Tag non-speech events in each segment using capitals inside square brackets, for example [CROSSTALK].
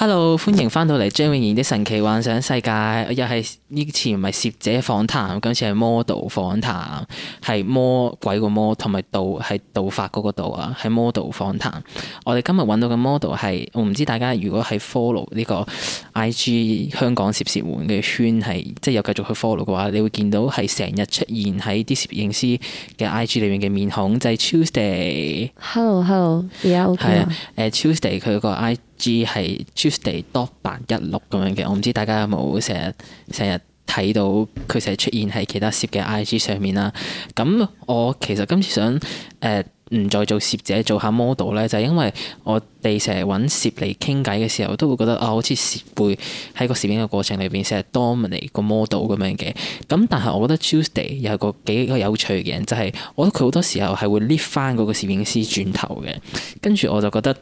Hello，歡迎翻到嚟張穎賢的神奇幻想世界，又係呢次唔係攝者訪談，今次係 model 訪談，係魔鬼個魔同埋道係道法嗰個道啊，係 model 訪談。我哋今日揾到嘅 model 係，我唔知大家如果係 follow 呢個 IG 香港攝攝援嘅圈係，即係又繼續去 follow 嘅話，你會見到係成日出現喺啲攝影師嘅 IG 裏面嘅面孔，就係、是 yeah, okay. uh, Tuesday。Hello，Hello，而家 OK 啦。係啊，誒，Tuesday 佢個 I。G 係 Tuesday 多白一六咁樣嘅，我唔知大家有冇成日成日睇到佢成日出現喺其他攝嘅 IG 上面啦。咁我其實今次想誒唔、呃、再做攝者，做下 model 咧，就係、是、因為我哋成日揾攝嚟傾偈嘅時候，都會覺得啊、哦，好似攝會喺個攝影嘅過程裏邊成日 dominate 個 model 咁樣嘅。咁但係我覺得 Tuesday 又係個幾個有趣嘅人，就係、是、我覺得佢好多時候係會 lift 翻嗰個攝影師轉頭嘅，跟住我就覺得。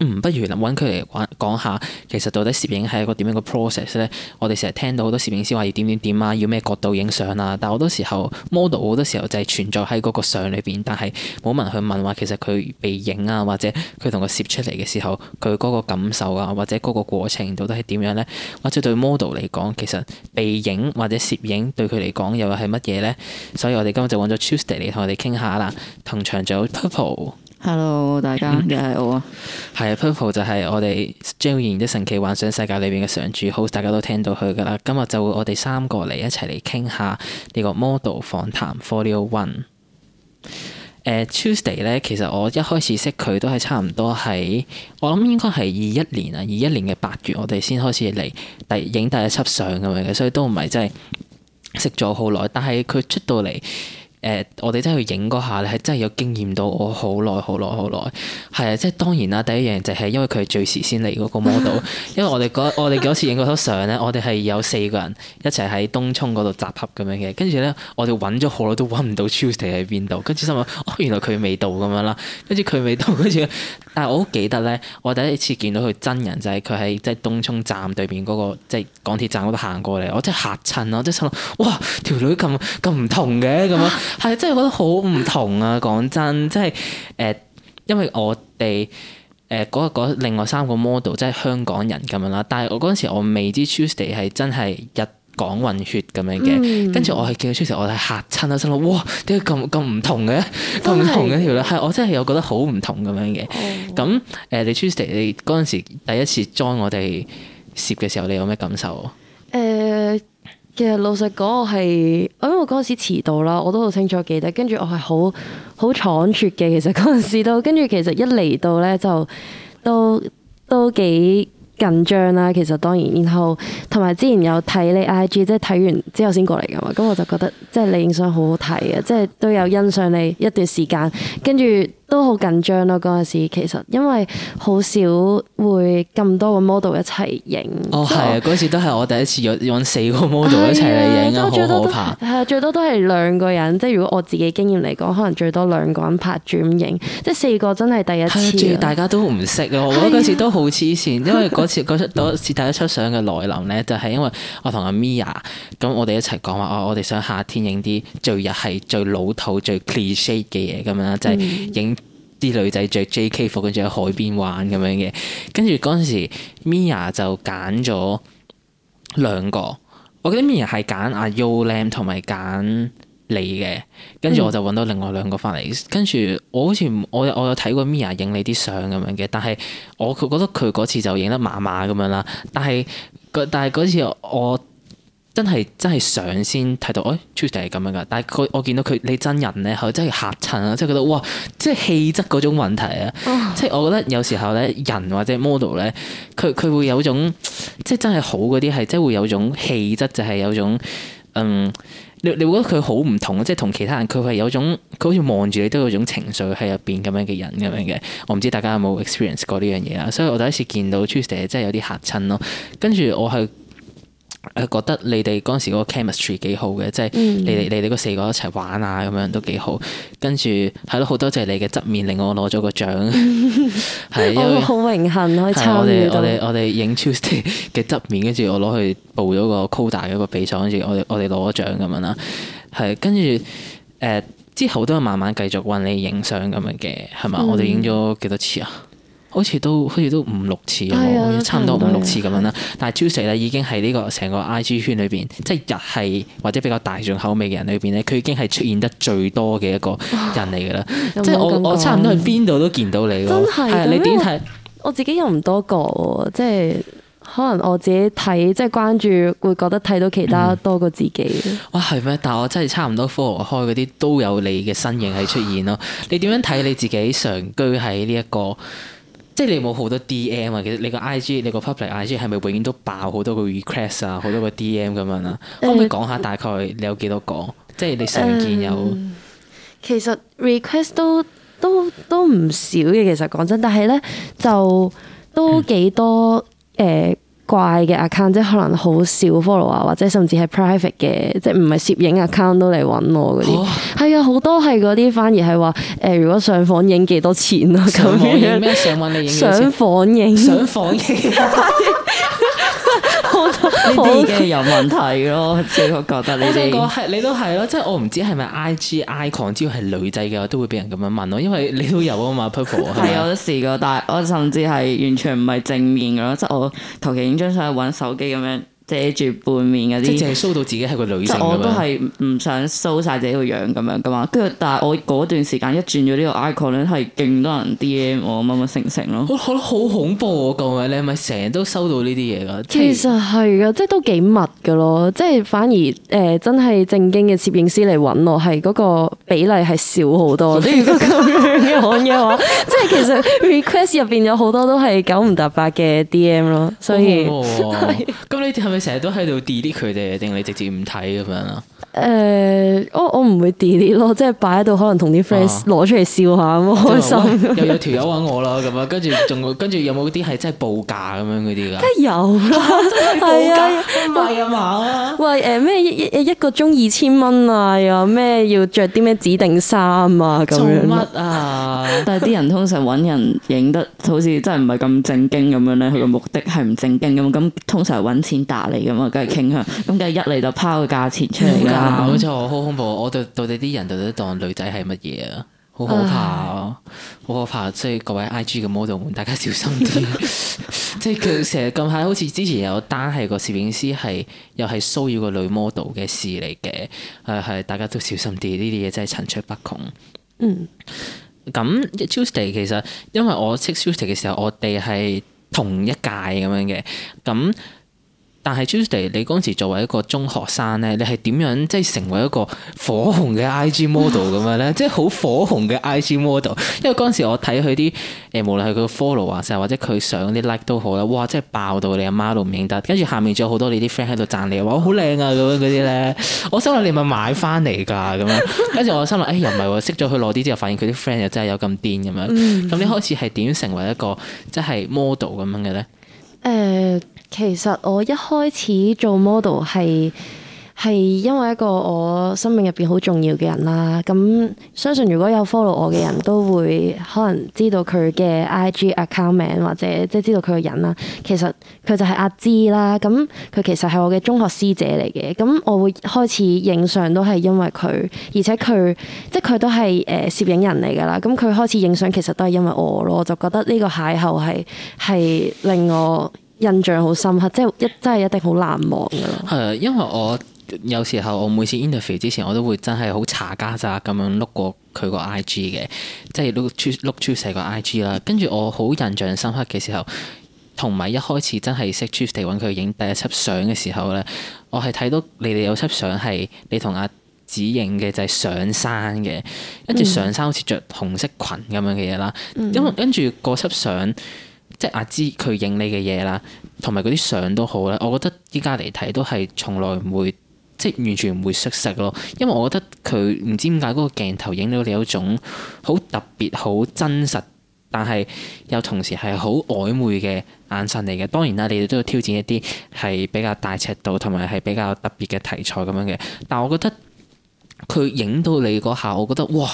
嗯，不如揾佢嚟玩講下，其實到底攝影係一個點樣嘅 process 咧？我哋成日聽到好多攝影師話要點點點啊，要咩角度影相啊，但好多時候 model 好多時候就係存在喺嗰個相裏邊，但係冇人去問話其實佢被影啊，或者佢同佢攝出嚟嘅時候，佢嗰個感受啊，或者嗰個過程到底係點樣咧？或者對 model 嚟講，其實被影或者攝影對佢嚟講又係乜嘢咧？所以我哋今日就揾咗 Tuesday 嚟同我哋傾下啦，同場仲有 Purple。Hello，大家又係我啊，係 [LAUGHS] Purple 就係我哋張然的神奇幻想世界裏面嘅常駐，好大家都聽到佢噶啦。今日就我哋三個嚟一齊嚟傾下呢個 model 訪談 for the one。誒，Tuesday 咧，其實我一開始識佢都係差唔多喺，我諗應該係二一年啊，二一年嘅八月，我哋先開始嚟第影第一輯相咁樣嘅，所以都唔係真係識咗好耐。但係佢出到嚟。誒、呃，我哋真係去影嗰下咧，係真係有驚豔到我好耐、好耐、好耐。係啊，即係當然啦。第一樣就係因為佢係最遲先嚟嗰個 model。 [LAUGHS] 因為我哋嗰我哋次影嗰張相咧，我哋係有四個人一齊喺東涌嗰度集合咁樣嘅。跟住咧，我哋揾咗好耐都揾唔到 Tuesday 喺邊度。跟住心諗，哦，原來佢未到咁樣啦。跟住佢未到，跟住，但係我好記得咧，我第一次見到佢真人就係佢喺即係東涌站對面嗰、那個即係、就是、港鐵站嗰度行過嚟。我真係嚇親，我真係心諗，哇，條女咁咁唔同嘅咁樣。 [LAUGHS] 係，真係覺得好唔同啊！講真，即係誒，因為我哋誒嗰嗰另外三個 model 即係香港人咁樣啦。但係我嗰陣時我未知 Tuesday 係真係日港混血咁樣嘅，跟住、嗯、我係見到 Tuesday 我係嚇親啊！心諗哇，點解咁咁唔同嘅，咁唔同嘅條咧？係我真係有覺得好唔同咁樣嘅。咁誒、哦，你 Tuesday 你嗰陣時第一次 join 我哋攝嘅時候，你有咩感受？誒。呃其實老實講，我係，因為嗰陣時遲到啦，我都好清楚記得。跟住我係好好倉促嘅，其實嗰陣時都。跟住其實一嚟到呢，就都都幾緊張啦。其實當然，然後同埋之前有睇你 IG，即係睇完之後先過嚟㗎嘛。咁我就覺得即係你影相好好睇嘅，即係都有欣賞你一段時間。跟住。都好緊張咯嗰陣時，其實因為好少會咁多個 model 一齊影。哦，係啊以，嗰次都係我第一次約揾四個 model 一齊嚟影，啊的，好可怕。係啊，最多都係兩個人。即係如果我自己經驗嚟講，可能最多兩個人拍轉影。即係四個真係第一次。仲要大家都唔識啊！我覺得嗰次都好黐線，的因為嗰次次第一次出相嘅來臨呢， [LAUGHS] 就係因為我同阿 Mia 咁，我哋一齊講話，我哋想夏天影啲最日係最老土、最 cliché 嘅嘢咁樣，就係影。啲女仔着 J.K. 服，跟住喺海邊玩咁樣嘅。跟住嗰陣時，Mia 就揀咗兩個，我記得 Mia 係揀阿 Yolam 同埋揀你嘅。跟住我就揾到另外兩個翻嚟。跟住我好似我我有睇過 Mia 影你啲相咁樣嘅，但係我佢覺得佢嗰次就影得麻麻咁樣啦。但係個但係嗰次我。真係真係想先睇到，哎，Tuesday 係咁樣噶。但係佢我見到佢你真人咧，係真係嚇親啊！即係覺得哇，即係氣質嗰種問題啊。 [LAUGHS] 即係我覺得有時候咧，人或者 model 咧，佢佢會有種即係真係好嗰啲，係即係會有種氣質，就係、是、有種嗯，你你會覺得佢好唔同，即係同其他人，佢係有種佢好似望住你都有種情緒喺入邊咁樣嘅人咁樣嘅。我唔知大家有冇 experience 過呢樣嘢啊？所以我第一次見到 Tuesday 真係有啲嚇親咯。跟住我係。覺得你哋嗰陣時個 chemistry 幾好嘅，即係、嗯、你哋你哋嗰四個一齊玩啊咁樣都幾好。跟住係咯，好多謝你嘅側面令我攞咗個獎。係，我好榮幸去參與我哋我哋我哋影 Tuesday 嘅側面，跟住我攞去報咗個 Coda 嘅一個比賽，跟住我哋我哋攞咗獎咁樣啦。係跟住誒，之後都係慢慢繼續揾你影相咁樣嘅，係嘛？我哋影咗幾多次啊？嗯 [LAUGHS] 好似都好似都五六次，哎、呀差唔多五六次咁樣啦。嗯、但係 Tuesday 已經係呢個成個 I G 圈裏邊，即、就、係、是、日系或者比較大眾口味嘅人裏邊咧，佢已經係出現得最多嘅一個人嚟噶啦。啊、即係是 我我差唔多去邊度都見到你，係，你點睇？我自己又唔多個，即係可能我自己睇，即、就、係、是、關注會覺得睇到其他多過自己。嗯、哇，係咩？但係我真係差唔多 follow 開嗰啲都有你嘅身影喺出現咯。呀你點樣睇你自己常居喺呢一個？即係你有冇好多 DM 啊？其實你個 IG 你個 public IG 係咪永遠都爆好多個 request 啊，好多個 DM 咁樣啊？可唔可以講下大概你有幾多個？呃、即係你常見有。其實 request 都都都唔少嘅，其實講真，但係咧就都幾多誒。嗯呃怪嘅 account，即係可能好少 follow 啊，或者甚至係 private 嘅，即係唔係攝影 account 都嚟搵我嗰啲，係啊，好多係嗰啲反而係話誒，如果上房影幾多錢啊，上房影咩？ [LAUGHS] 上網你影幾多錢？上房影？上房影？ [LAUGHS] [LAUGHS] 呢啲已經有問題咯，即係我覺得你都講係，你都係咯，即係我唔知係咪 I G icon，只要係女仔嘅話都會俾人咁樣問咯，因為你都有啊嘛 purple，係有都試過，但係我甚至係完全唔係正面嘅咯，即係我求其影張相去玩手機咁樣。遮住半面嗰啲，即係 show 到自己係個女性我都係唔想 show 晒自己個樣咁樣噶嘛。跟住，但係我嗰段時間一轉咗呢個 icon 咧，係勁多人 D M 我乜乜成成咯。我覺得好恐怖啊！舊、那、年、個、你係咪成日都收到呢啲嘢噶？其實係噶，即係都幾密噶咯。即係反而誒、呃，真係正經嘅攝影師嚟搵我，係嗰個比例係少好多。 [LAUGHS] 如果咁樣講嘅話， [LAUGHS] 即係其實 request 入邊有好多都係九唔搭八嘅 D M 咯。所以，咁你係咪？成日都喺度 delete 佢哋，定你，你直接唔睇咁樣啊？誒、欸，我我唔會 delete 咯，即係擺喺度，可能同啲 friend 攞出嚟笑下，開心又有條友揾我啦，咁樣跟住，仲，跟住有冇啲係真係報價咁樣嗰啲噶？梗係有啦，真係報價唔係啊，喂，誒咩一一個鐘二千蚊啊？又咩要着啲咩指定衫啊？做乜啊？但係啲人通常揾人影得好似真係唔係咁正經咁樣咧，佢個 [LAUGHS] 目的係唔正經咁，咁通常係揾錢打。嚟噶嘛，梗係傾下。咁梗係一嚟就拋個價錢出嚟噶試。冇 [LAUGHS] 錯，好恐怖！我對到底啲人到底當女仔係乜嘢啊？好可怕，啊！好可怕！所以各位 IG 嘅 model 們，大家小心啲。 [LAUGHS] [LAUGHS] [LAUGHS] 即係佢成日近排好似之前有單係個攝影師係又係騷擾個女 model 嘅事嚟嘅，係、呃、係大家都小心啲。呢啲嘢真係層出不窮。嗯，咁 Tuesday 其實因為我識 Tuesday 嘅時候，我哋係同一屆咁樣嘅，咁。但係 Tuesday，你嗰陣時作為一個中學生咧，你係點樣即係成為一個火紅嘅 IG model 咁樣咧？ [LAUGHS] 即係好火紅嘅 IG model，因為嗰陣時我睇佢啲誒，無論係佢個 follow 啊，就或者佢上嗰啲 like 都好啦，哇！即係爆到你阿媽都唔認得。跟住下面仲有好多你啲 friend 喺度讚你，話好靚啊咁樣嗰啲咧。我心諗你咪買翻嚟㗎咁樣。跟住我心諗，哎又唔係喎，識咗佢耐啲之後，發現佢啲 friend 又真係有咁癲咁樣。咁你開始係點成為一個即係 model 咁樣嘅咧？誒，其實我一開始做 model 係。係因為一個我生命入邊好重要嘅人啦，咁相信如果有 follow 我嘅人都會可能知道佢嘅 IG account 名或者即係知道佢嘅人啦。其實佢就係阿芝啦，咁佢其實係我嘅中學師姐嚟嘅。咁我會開始影相都係因為佢，而且佢即係佢都係誒攝影人嚟㗎啦。咁佢開始影相其實都係因為我咯，我就覺得呢個邂逅係係令我印象好深刻，即係一真係一定好難忘㗎咯。係啊，因為我。有時候我每次 Interview 之前，我都會真係好查家咋咁樣碌過佢個 I G 嘅，即係碌出碌出成個 I G 啦。跟住我好印象深刻嘅時候，同埋一開始真係識 Tuesday 揾佢影第一輯相嘅時候咧，我係睇到你哋有輯相係你同阿紫影嘅就係、是、上山嘅，跟住上山好似着紅色裙咁樣嘅嘢啦。因為、嗯、跟住個輯相，即係阿芝佢影你嘅嘢啦，同埋嗰啲相都好啦。我覺得依家嚟睇都係從來唔會。即完全唔會失色咯，因為我覺得佢唔知點解嗰個鏡頭影到你有一種好特別、好真實，但係又同時係好曖昧嘅眼神嚟嘅。當然啦，你哋都要挑戰一啲係比較大尺度同埋係比較特別嘅題材咁樣嘅。但我覺得佢影到你嗰下，我覺得「哇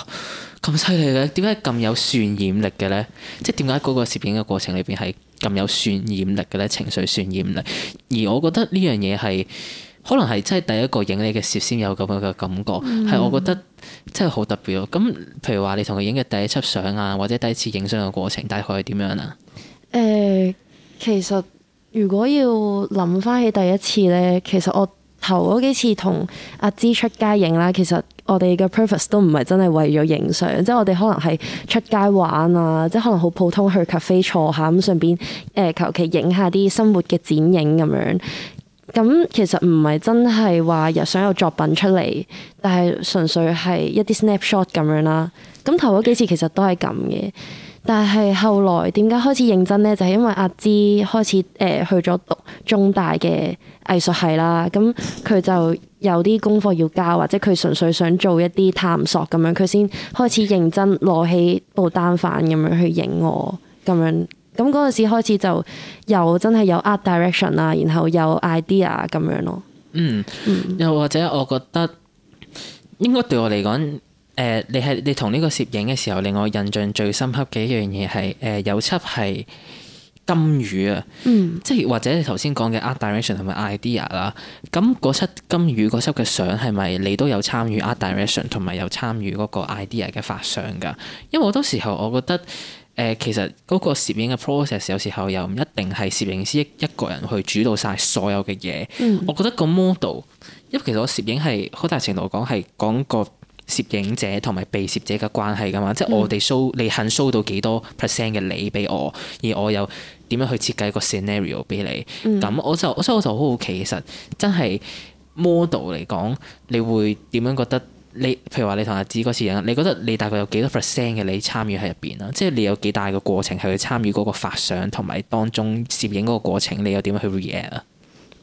咁犀利嘅，點解咁有渲染力嘅呢？」即係點解嗰個攝影嘅過程裏邊係咁有渲染力嘅呢？情緒渲染力，而我覺得呢樣嘢係。可能係真係第一個影你嘅攝先有咁樣嘅感覺，係、嗯、我覺得真係好特別咯。咁譬如話，你同佢影嘅第一輯相啊，或者第一次影相嘅過程，大概係點樣啊？誒、呃，其實如果要諗翻起第一次咧，其實我頭嗰幾次同阿芝出街影啦，其實我哋嘅 purpose 都唔係真係為咗影相，即係我哋可能係出街玩啊，即係可能好普通去 cafe 坐下咁，順便誒求其影下啲生活嘅剪影咁樣。咁其實唔係真係話又想有作品出嚟，但係純粹係一啲 snapshot 咁樣啦。咁頭嗰幾次其實都係咁嘅，但係後來點解開始認真咧？就係、是、因為阿芝開始誒、呃、去咗讀中大嘅藝術系啦。咁佢就有啲功課要交，或者佢純粹想做一啲探索咁樣，佢先開始認真攞起部單反咁樣去影我咁樣。咁嗰陣時開始就又真係有 art direction 啦，然後有 idea 咁樣咯。嗯，又或者我覺得應該對我嚟講，誒、呃，你係你同呢個攝影嘅時候，令我印象最深刻嘅一樣嘢係，誒、呃，有輯係金魚啊。嗯、即係或者你頭先講嘅 art direction 同埋 idea 啦。咁嗰輯金魚嗰輯嘅相係咪你都有參與 art direction 同埋有參與嗰個 idea 嘅發相噶？因為好多時候我覺得。誒，其實嗰個攝影嘅 process 有時候又唔一定係攝影師一一個人去主導晒所有嘅嘢。我覺得個 model，因為其實我攝影係好大程度講係講個攝影者同埋被攝者嘅關係㗎嘛。即係我哋 show 你肯 show 到幾多 percent 嘅你俾我，而我又點樣去設計一個 scenario 俾你。咁、嗯、我就，所以我就好好奇，其實真係 model 嚟講，你會點樣覺得？你譬如話你同阿子嗰次影，你覺得你大概有幾多 percent 嘅你參與喺入邊啊？即係你有幾大嘅過程係去參與嗰個發想同埋當中攝影嗰個過程，你又點樣去 react 啊？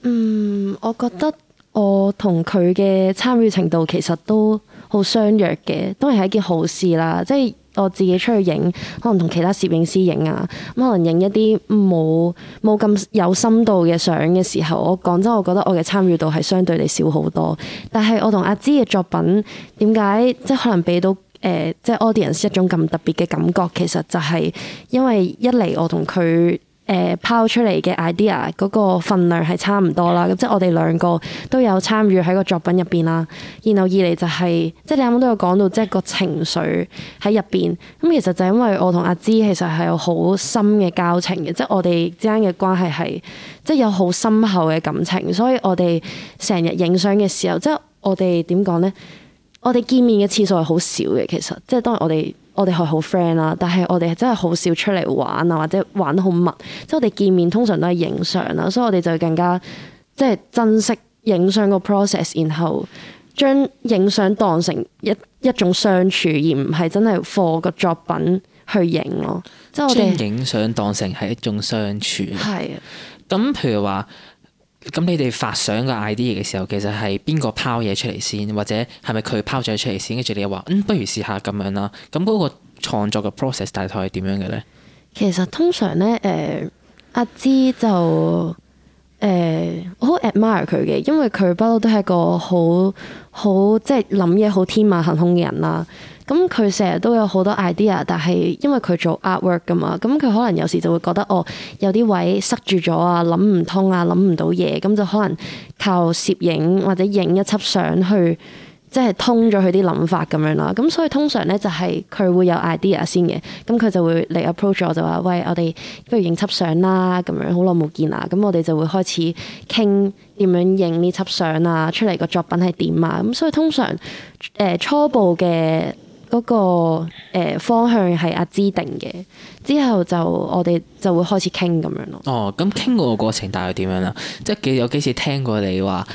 嗯，我覺得我同佢嘅參與程度其實都好相若嘅，都係一件好事啦。即係。我自己出去影，可能同其他攝影師影啊，咁可能影一啲冇冇咁有深度嘅相嘅時候，我講真，我覺得我嘅參與度係相對地少好多。但係我同阿芝嘅作品點解即係可能俾到誒即係 audience 一種咁特別嘅感覺，其實就係因為一嚟我同佢，誒、呃、拋出嚟嘅 idea 嗰個份量係差唔多啦，咁即係我哋兩個都有參與喺個作品入邊啦。然後二嚟就係、是，即係你啱啱都有講到，即係個情緒喺入邊。咁其實就因為我同阿芝其實係有好深嘅交情嘅，即係我哋之間嘅關係係即係有好深厚嘅感情，所以我哋成日影相嘅時候，即係我哋點講咧？我哋見面嘅次數係好少嘅，其實即係當我哋。我哋係好 friend 啦，但係我哋真係好少出嚟玩啊，或者玩得好密。即係我哋見面通常都係影相啦，所以我哋就更加即係珍惜影相個 process，然後將影相當成一一種相處，而唔係真係 for 個作品去影咯。即係我哋將影相當成係一種相處。係啊的，咁譬如話。咁你哋發相個 idea 嘅時候，其實係邊個拋嘢出嚟先，或者係咪佢拋咗出嚟先，跟住你又話，嗯，不如試下咁樣啦。咁嗰個創作嘅 process 大概係點樣嘅咧？其實通常咧，誒、呃、阿芝就誒、呃、我好 admire 佢嘅，因為佢不嬲都係一個好好即係諗嘢好天馬行空嘅人啦。咁佢成日都有好多 idea，但係因為佢做 artwork 噶嘛，咁佢可能有時就會覺得哦，有啲位塞住咗啊，諗唔通啊，諗唔到嘢，咁就可能靠攝影或者影一輯相去，即係通咗佢啲諗法咁樣啦。咁所以通常咧就係佢會有 idea 先嘅，咁佢就會嚟 approach 我就，就話喂，我哋不如影輯相啦，咁樣好耐冇見啊，咁我哋就會開始傾點樣影呢輯相啊，出嚟個作品係點啊，咁所以通常誒、呃、初步嘅。嗰個，呃，方向係阿芝定嘅，之後就我哋就會開始傾咁樣咯。哦，咁傾嗰個過程大概點樣啦？ [NOISE] 即係幾有幾次聽過你話。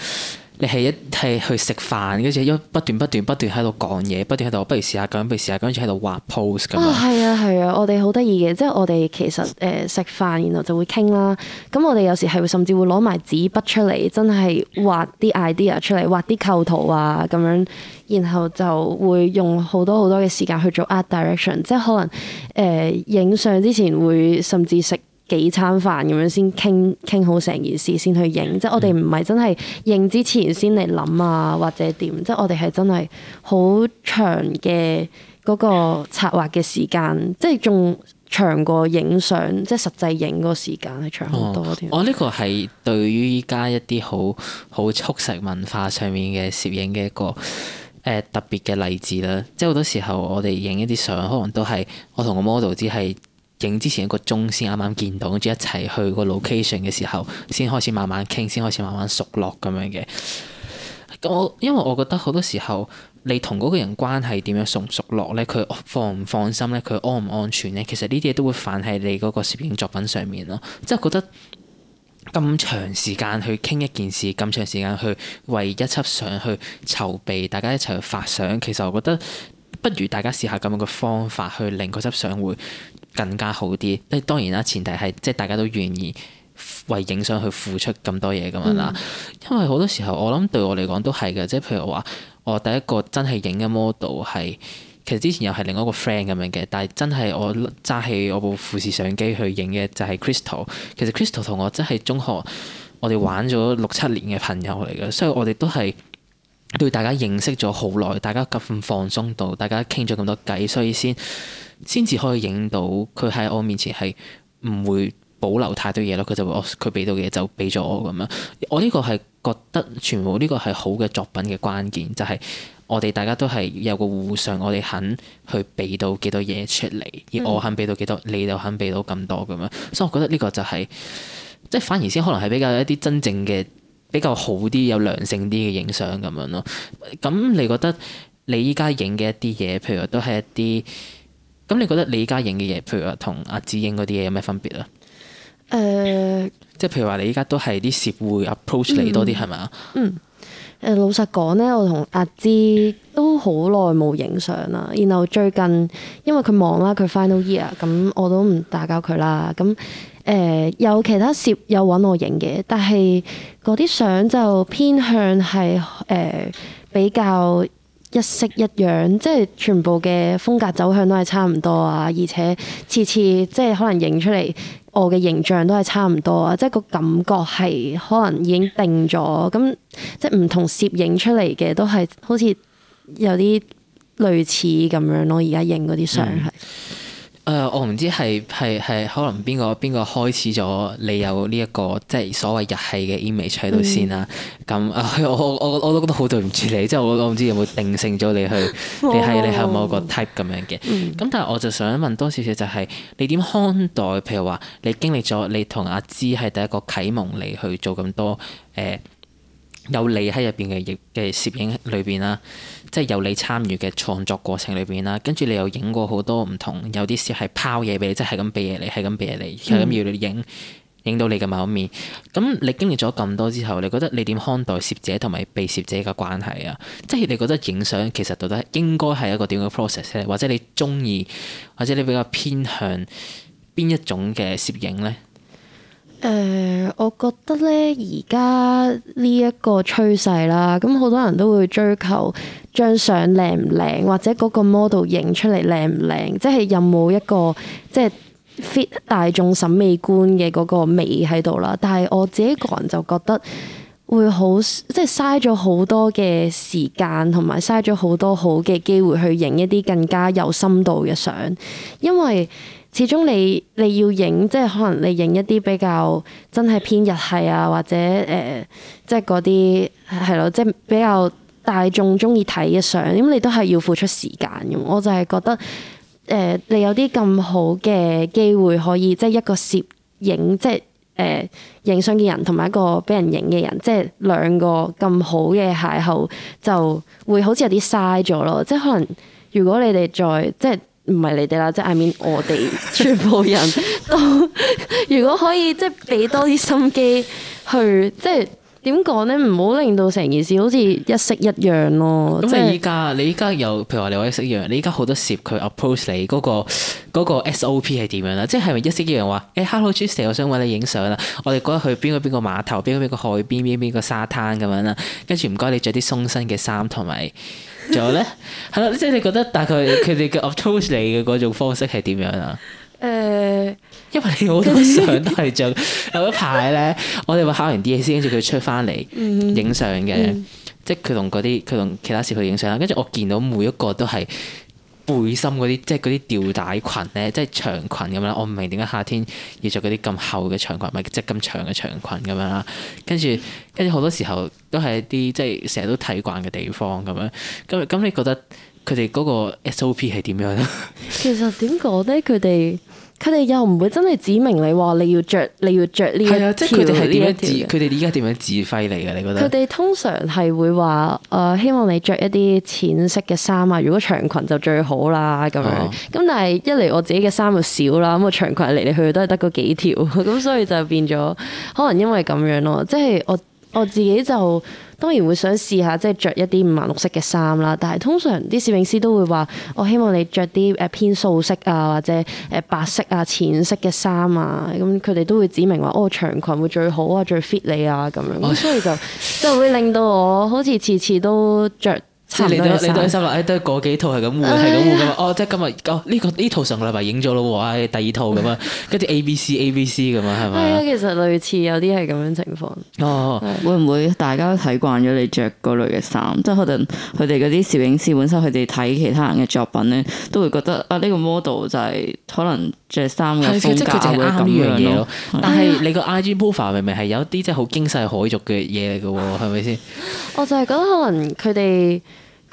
你係一係去食飯，跟住一不斷不斷不斷喺度講嘢，不斷喺度，不如試下咁，不如試下咁，跟住喺度畫 pose 咁。啊，係啊，係啊，我哋好得意嘅，即係我哋其實誒食飯，然後就會傾啦。咁我哋有時係會甚至會攞埋紙筆出嚟，真係畫啲 idea 出嚟，畫啲構圖啊咁樣，然後就會用好多好多嘅時間去做 art direction，即係可能誒影相之前會甚至食幾餐飯咁樣先傾傾好成件事先去影，即係我哋唔係真係影之前先嚟諗啊，或者點？即係我哋係真係好長嘅嗰個策劃嘅時間，即係仲長過影相，即係實際影個時間係長好多啲。我呢個係對於依家一啲好好速成文化上面嘅攝影嘅一個誒、呃、特別嘅例子啦。即係好多時候我哋影一啲相，可能都係我同個 model 只係。影之前一個鐘先啱啱見到，跟住一齊去個 location 嘅時候，先開始慢慢傾，先開始慢慢熟絡咁樣嘅。咁我因為我覺得好多時候，你同嗰個人關係點樣熟唔熟絡呢？佢放唔放心呢？佢安唔安全呢？其實呢啲嘢都會反映喺你嗰個攝影作品上面咯。即係覺得咁長時間去傾一件事，咁長時間去為一輯相去籌備，大家一齊去發相，其實我覺得不如大家試下咁樣嘅方法去令嗰輯相會更加好啲，但當然啦，前提係即係大家都願意為影相去付出咁多嘢咁樣啦。嗯、因為好多時候，我諗對我嚟講都係嘅，即係譬如話，我第一個真係影嘅 model 係其實之前又係另一個 friend 咁樣嘅，但係真係我揸起我部富士相機去影嘅就係 Crystal。其實 Crystal 同我真係中學我哋玩咗六七年嘅朋友嚟嘅，所以我哋都係對大家認識咗好耐，大家咁放鬆到，大家傾咗咁多偈，所以先。先至可以影到佢喺我面前，係唔會保留太多嘢咯。佢就，就我佢俾到嘅嘢就俾咗我咁樣。我呢個係覺得全部呢個係好嘅作品嘅關鍵，就係、是、我哋大家都係有個互相，我哋肯去俾到幾多嘢出嚟，而我肯俾到幾多，你就肯俾到咁多咁樣。所以我覺得呢個就係、是、即係反而先可能係比較一啲真正嘅比較好啲有良性啲嘅影相咁樣咯。咁你覺得你依家影嘅一啲嘢，譬如都係一啲。咁你覺得你依家影嘅嘢，譬如話同阿姿影嗰啲嘢有咩分別啊？誒，uh, 即係譬如話你依家都係啲攝會 approach 你多啲係咪？嗯，誒、呃、老實講咧，我同阿姿都好耐冇影相啦。然後最近因為佢忙啦，佢 final year，咁我都唔打攪佢啦。咁誒、呃、有其他攝有揾我影嘅，但係嗰啲相就偏向係誒、呃、比較。一式一樣，即係全部嘅風格走向都係差唔多啊！而且次次即係可能影出嚟，我嘅形象都係差唔多啊！即係個感覺係可能已經定咗，咁即係唔同攝影出嚟嘅都係好似有啲類似咁樣咯。而家影嗰啲相係。嗯誒、呃，我唔知係係係可能邊個邊個開始咗你有呢、這、一個即係所謂日系嘅 image 喺度、嗯、先啦。咁、嗯、啊，我我我，我都覺得好對唔住你，即係我我唔知有冇定性咗你去，定係 [LAUGHS] 你係某一個 type 咁樣嘅。咁、嗯、但係我就想問多少少就係、是、你點看待？譬如話你經歷咗你同阿芝係第一個啟蒙，你去做咁多誒。有你喺入邊嘅嘅攝影裏邊啦，即係有你參與嘅創作過程裏邊啦，跟住你又影過好多唔同，有啲攝係拋嘢俾你，即係咁俾嘢你，係咁俾嘢你，係咁要你影影到你嘅某一面。咁你經歷咗咁多之後，你覺得你點看待攝者同埋被攝者嘅關係啊？即係你覺得影相其實到底應該係一個點嘅 process 呢？或者你中意，或者你比較偏向邊一種嘅攝影呢？誒、呃，我覺得咧，而家呢一個趨勢啦，咁好多人都會追求張相靚唔靚，或者嗰個 model 影出嚟靚唔靚，即係有冇一個即係 fit 大眾審美觀嘅嗰個美喺度啦。但係我自己個人就覺得會好，即係嘥咗好多嘅時間，同埋嘥咗好多好嘅機會去影一啲更加有深度嘅相，因為，始終你你要影，即係可能你影一啲比較真係偏日系啊，或者誒、呃，即係嗰啲係咯，即係比較大眾鍾意睇嘅相，咁你都係要付出時間嘅。我就係覺得誒、呃，你有啲咁好嘅機會可以，即係一個攝影，即係誒影相嘅人，同埋一個俾人影嘅人，即係兩個咁好嘅邂逅，就會好似有啲嘥咗咯。即係可能如果你哋再即係。唔係你哋啦，即係 I mean 我哋全部人都， [LAUGHS] 如果可以即係俾多啲心機去，即係點講呢？唔好令到成件事好似一式一樣咯。 [LAUGHS] 即係你依家，你依家有，譬如話你話一式一樣，你依家好多攝佢 approach 你嗰個、嗰個、SOP 係點樣啦？即係係咪一式一樣話？Hello，Jesse，我想揾你影相啦。我哋覺得去邊個邊個碼頭，邊個邊個海邊，邊邊個沙灘咁樣啦。跟住唔該，你着啲鬆身嘅衫同埋。仲有咧，係啦，即係你覺得大概佢哋嘅 approach 你嘅嗰種方式係點樣啊？誒、呃，因為你好多相都係就 [LAUGHS] 有一排咧，我哋話考完啲嘢先，嗯嗯、跟住佢出翻嚟影相嘅，即係佢同嗰啲佢同其他攝影師影相啦，跟住我見到每一個都係。背心嗰啲，即係嗰啲吊帶裙咧，即係長裙咁樣。我唔明點解夏天要着嗰啲咁厚嘅長裙，唔係即係咁長嘅長裙咁樣啦。跟住，跟住好多時候都係一啲即係成日都睇慣嘅地方咁樣。咁咁，你覺得佢哋嗰個 SOP 係點樣咧？ [LAUGHS] 其實點講咧，佢哋。佢哋又唔會真係指明你話你要着，你要着呢一條，係啊，即係佢哋係點樣，呢一條。佢哋依家點樣指揮你嘅？你覺得？佢哋通常係會話誒、呃，希望你着一啲淺色嘅衫啊，如果長裙就最好啦咁樣。咁、哦、但係一嚟我自己嘅衫就少啦，咁我長裙嚟嚟去去都係得嗰幾條，咁 [LAUGHS] 所以就變咗可能因為咁樣咯，即係我我自己就。當然會想試下即係着一啲五顏六色嘅衫啦，但係通常啲攝影師都會話：我、哦、希望你着啲誒偏素色啊，或者誒白色啊、淺色嘅衫啊，咁佢哋都會指明話：哦，長裙會最好啊，最 fit 你啊，咁樣。哦、 [LAUGHS] 嗯，所以就就會令到我好似次次都着。即係你都你都心話，誒都係嗰幾套係咁換，係咁換噶嘛？哦，即係今日哦呢個呢套，上個禮拜影咗咯喎，誒第二套咁啊，跟住 A B C A B C 咁啊，係咪？係啊，其實類似有啲係咁樣情況。哦，會唔會大家都睇慣咗你着嗰類嘅衫？即係可能佢哋嗰啲攝影師本身，佢哋睇其他人嘅作品咧，都會覺得啊呢個 model 就係可能着衫嘅風格係咁樣嘅。但係你個 IG 鋪法明明係有啲即係好驚世駭俗嘅嘢嚟㗎喎，係咪先？我就係覺得可能佢哋。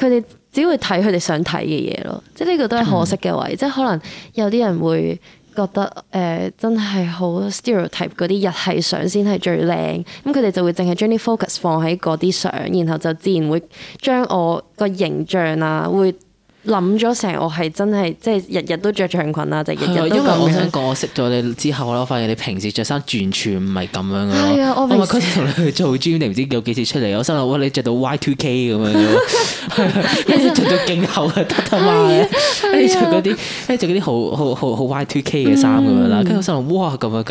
佢哋只會睇佢哋想睇嘅嘢咯，即係呢個都係可惜嘅位，嗯、即係可能有啲人會覺得誒、呃、真係好 stereotype 嗰啲日系相先係最靚，咁佢哋就會淨係將啲 focus 放喺嗰啲相，然後就自然會將我個形象啊會。諗咗成我係真係即係日日都着長裙啦。即係 [MUSIC] 因為我想講，我識咗你之後咧，我發現你平時着衫完全唔係咁樣嘅咯。同、啊、你去做 gym 你唔知有幾次出嚟，我心諗哇你着到 Y two K 咁樣，跟住着到勁厚、哎、啊，得㗎嘛！跟住著嗰啲，跟住著嗰啲好好好 Y two K 嘅衫咁樣啦，跟住、嗯、我心諗哇咁樣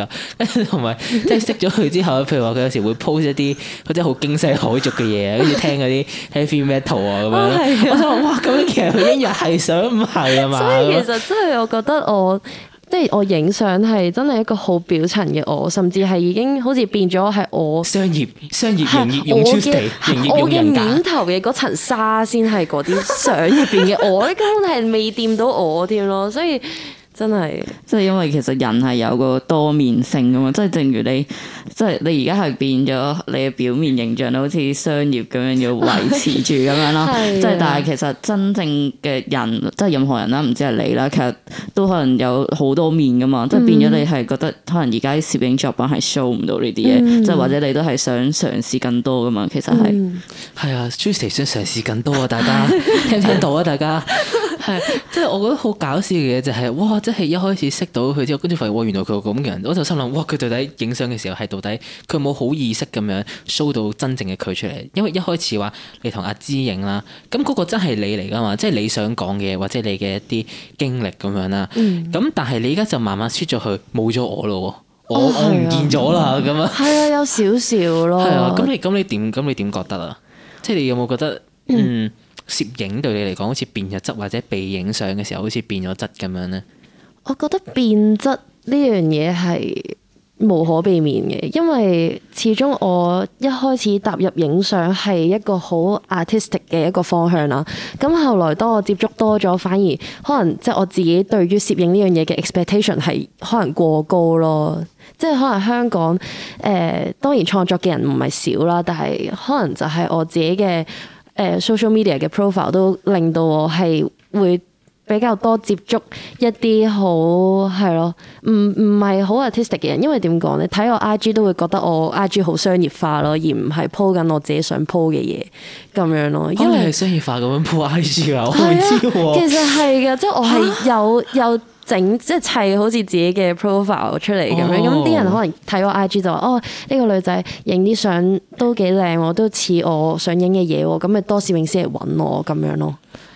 㗎，同埋即係識咗佢之後，譬如話佢有時會 post 一啲嗰啲好驚世駭俗嘅嘢，跟住 [LAUGHS] 聽嗰啲 heavy metal 啊咁樣，我心諗哇咁樣其實佢又係想唔係啊嘛，所以其實真係我覺得我即係我影相係真係一個好表層嘅我，甚至係已經好似變咗係我商業、商業，業 day, 我嘅、營業、營銷地、營業面頭嘅嗰層紗，先係嗰啲相入邊嘅我，呢根本係未掂到我添咯，所以。真係，即係因為其實人係有個多面性噶嘛，即係正如你，即係你而家係變咗你嘅表面形象咧，好似商業咁樣要維持住咁樣咯。即係 [LAUGHS] [LAUGHS] 是的 但係其實真正嘅人，即係任何人啦，唔知係你啦，其實都可能有好多面噶嘛。即係、嗯、變咗你係覺得，可能而家啲攝影作品係 show 唔到呢啲嘢，即係、嗯、或者你都係想嘗試更多噶嘛。其實係、嗯 [LAUGHS] 係啊，Tuesday 想嘗試更多啊，大家聽唔聽到啊，大家？ [MUSIC] 即係 [LAUGHS] 我覺得好搞笑嘅嘢就係、是，哇！即係一開始識到佢之後，跟住發現原來佢係咁嘅人，我就心諗，哇！佢到底影相嘅時候係到底佢冇好意識咁樣 show 到真正嘅佢出嚟？因為一開始話你同阿芝影啦，咁嗰個真係你嚟噶嘛？即係你想講嘅或者你嘅一啲經歷咁樣啦。咁但係你而家就慢慢出咗去，冇咗我咯，我我唔見咗啦咁啊。係啊，有少少咯。係啊，咁、嗯、你咁你點咁你點覺得啊？即係你有冇覺得嗯？嗯攝影對你嚟講，好似變咗質或者被影相嘅時候，好似變咗質咁樣呢？我覺得變質呢樣嘢係無可避免嘅，因為始終我一開始踏入影相係一個好 artistic 嘅一個方向啦。咁後來當我接觸多咗，反而可能即係我自己對於攝影呢樣嘢嘅 expectation 係可能過高咯。即係可能香港誒、呃，當然創作嘅人唔係少啦，但係可能就係我自己嘅。誒 social media 嘅 profile 都令到我係會比較多接觸一啲好係咯，唔唔係好 artistic 嘅人，因為點講咧？睇我 IG 都會覺得我 IG 好商業化咯，而唔係鋪緊我自己想鋪嘅嘢咁樣咯。因為係、哦、商業化咁樣鋪 IG 為啊，我唔知我其實係嘅， [LAUGHS] 即係我係有有。有整即係砌好似自己嘅 profile 出嚟咁樣，咁啲、哦、人可能睇我 IG 就話哦呢個女仔影啲相都幾靚，我都似我想影嘅嘢，咁咪多攝影師嚟搵我咁樣咯。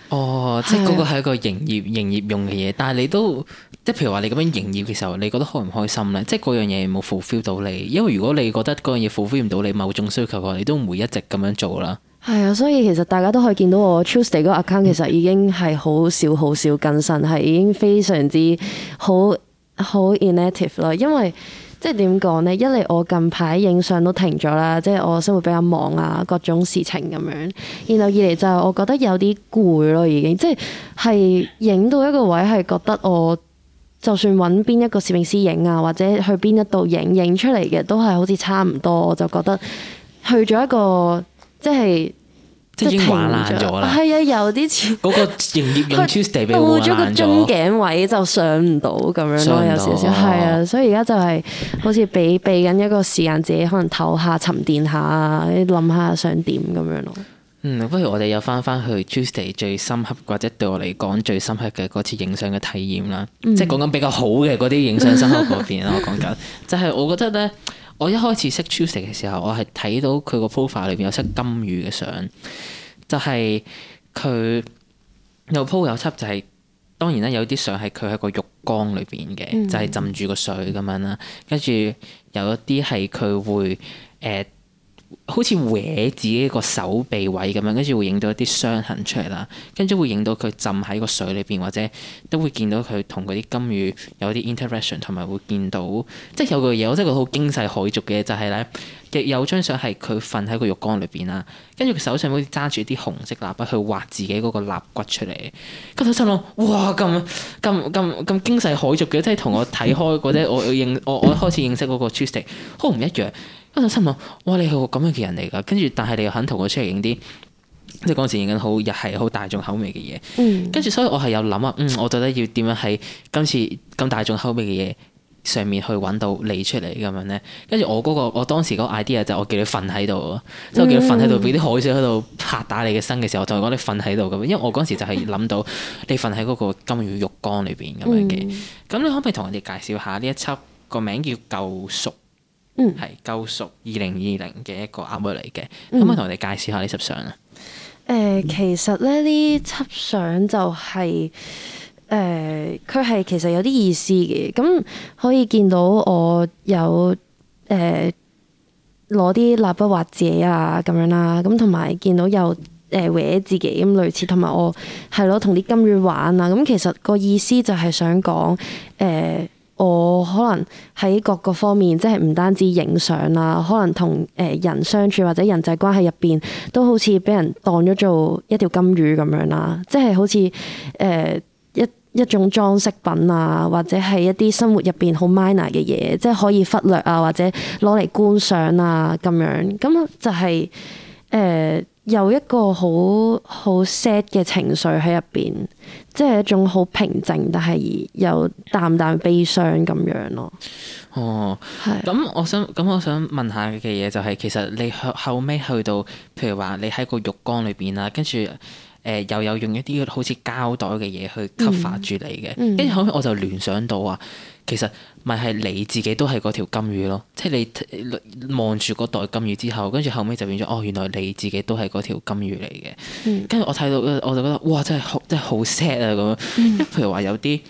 哦，哦哦即係嗰個係一個營業營唉業用嘅嘢，但係你都即係譬如話你咁樣營業嘅時候，你覺得開唔開心咧？即係嗰樣嘢冇 fulfill 到你，因為如果你覺得嗰樣嘢 fulfill 唔到你某種需求嘅話，你都唔會一直咁樣做啦。係啊、哎，所以其實大家都可以見到我 Tuesday 嗰個 account 其實已經係好少好少更新，係已經非常之好好 inactive 咯。因為即係點講呢？一嚟我近排影相都停咗啦，即係我生活比較忙啊，各種事情咁樣。然後二嚟就係我覺得有啲攰咯，已經即係係影到一個位係覺得我就算揾邊一個攝影師影啊，或者去邊一度影影出嚟嘅都係好似差唔多，我就覺得去咗一個。即係即係玩爛咗啦，係啊，啊，有啲似嗰個營業用 Tuesday 到咗個樽頸位就上唔到咁樣咯，有少少係啊，所以而家就係好似避避緊一個時間，自己可能唞下、沉澱下啊，諗下想點咁樣咯。嗯，不如我哋又翻翻去 Tuesday 最深刻或者對我嚟講最深刻嘅嗰次影相嘅體驗啦，嗯、即係講緊比較好嘅嗰啲影相深刻嗰邊啦。我講緊就係我覺得咧。我一開始識 Tuesday 嘅時候，我係睇到佢個 profile 裏邊有輯金魚嘅相，就係、是、佢有 po 有輯，就係當然啦，有啲相係佢喺個浴缸裏邊嘅，就係、是、浸住個水咁樣啦，跟住有一啲係佢會誒。呃好似搲自己個手臂位咁樣，跟住會影到一啲傷痕出嚟啦。跟住會影到佢浸喺個水裏邊，或者都會見到佢同嗰啲金魚有啲 interaction，同埋會見到即係有個嘢，我真係覺得好驚世海族驚世駭俗嘅就係、是、咧，亦有張相係佢瞓喺個浴缸裏邊啦。跟住佢手上好似揸住啲紅色蠟筆去畫自己嗰個肋骨出嚟。咁住心諗，哇咁咁咁咁驚世駭俗嘅，即係同我睇開嗰啲我認我我，我開始認識嗰個 Tuesday 好唔一樣。我心諗，哇！你係個咁樣嘅人嚟噶，跟住但係你又肯同我出嚟影啲，即係嗰陣時影緊好日係好大眾口味嘅嘢。跟住、嗯、所以我係有諗啊，嗯，我到底要點樣喺今次咁大眾口味嘅嘢上面去揾到你出嚟咁樣咧。跟住我嗰、嗰個我當時嗰個 idea 就我叫你瞓喺度即係我叫你瞓喺度俾啲海水喺度拍打你嘅身嘅時候，我就係講你瞓喺度咁。因為我嗰陣時就係諗到你瞓喺嗰個金魚浴缸裏邊咁樣嘅。咁、嗯、你可唔可以同人哋介紹下呢一輯個名叫救贖？嗯，係夠熟二零二零嘅一個畫面嚟嘅，咁可唔可以同我哋介紹下呢輯相啦。誒、嗯， [NOISE] 其實咧呢輯相就係、是、誒，佢、呃、係其實有啲意思嘅。咁可以見到我有誒攞啲蠟筆畫自己啊咁樣啦，咁同埋見到有誒搲、呃、自己咁類似，同埋我係咯同啲金魚玩啊。咁其實個意思就係想講誒。呃我可能喺各個方面，即係唔單止影相啦，可能同誒人相處或者人際關係入邊都好似俾人當咗做一條金魚咁樣啦，即係好似誒、呃、一一種裝飾品啊，或者係一啲生活入邊好 minor 嘅嘢，即係可以忽略啊，或者攞嚟觀賞啊咁樣，咁就係、是、誒、呃、有一個好好 sad 嘅情緒喺入邊。即係一種好平靜，但係又淡淡悲傷咁樣咯。哦，係。咁我想咁我想問下嘅嘢就係、是，其實你後尾去到，譬如話你喺個浴缸裏邊啦，跟住誒又有用一啲好似膠袋嘅嘢去吸發住你嘅，跟住、嗯嗯、後尾我就聯想到啊。其實咪係你自己都係嗰條金魚咯，即係你望住嗰袋金魚之後，跟住後尾就變咗哦，原來你自己都係嗰條金魚嚟嘅。跟住、嗯、我睇到，我就覺得哇，真係好真係好 sad 啊咁。即、嗯、譬如話有啲，譬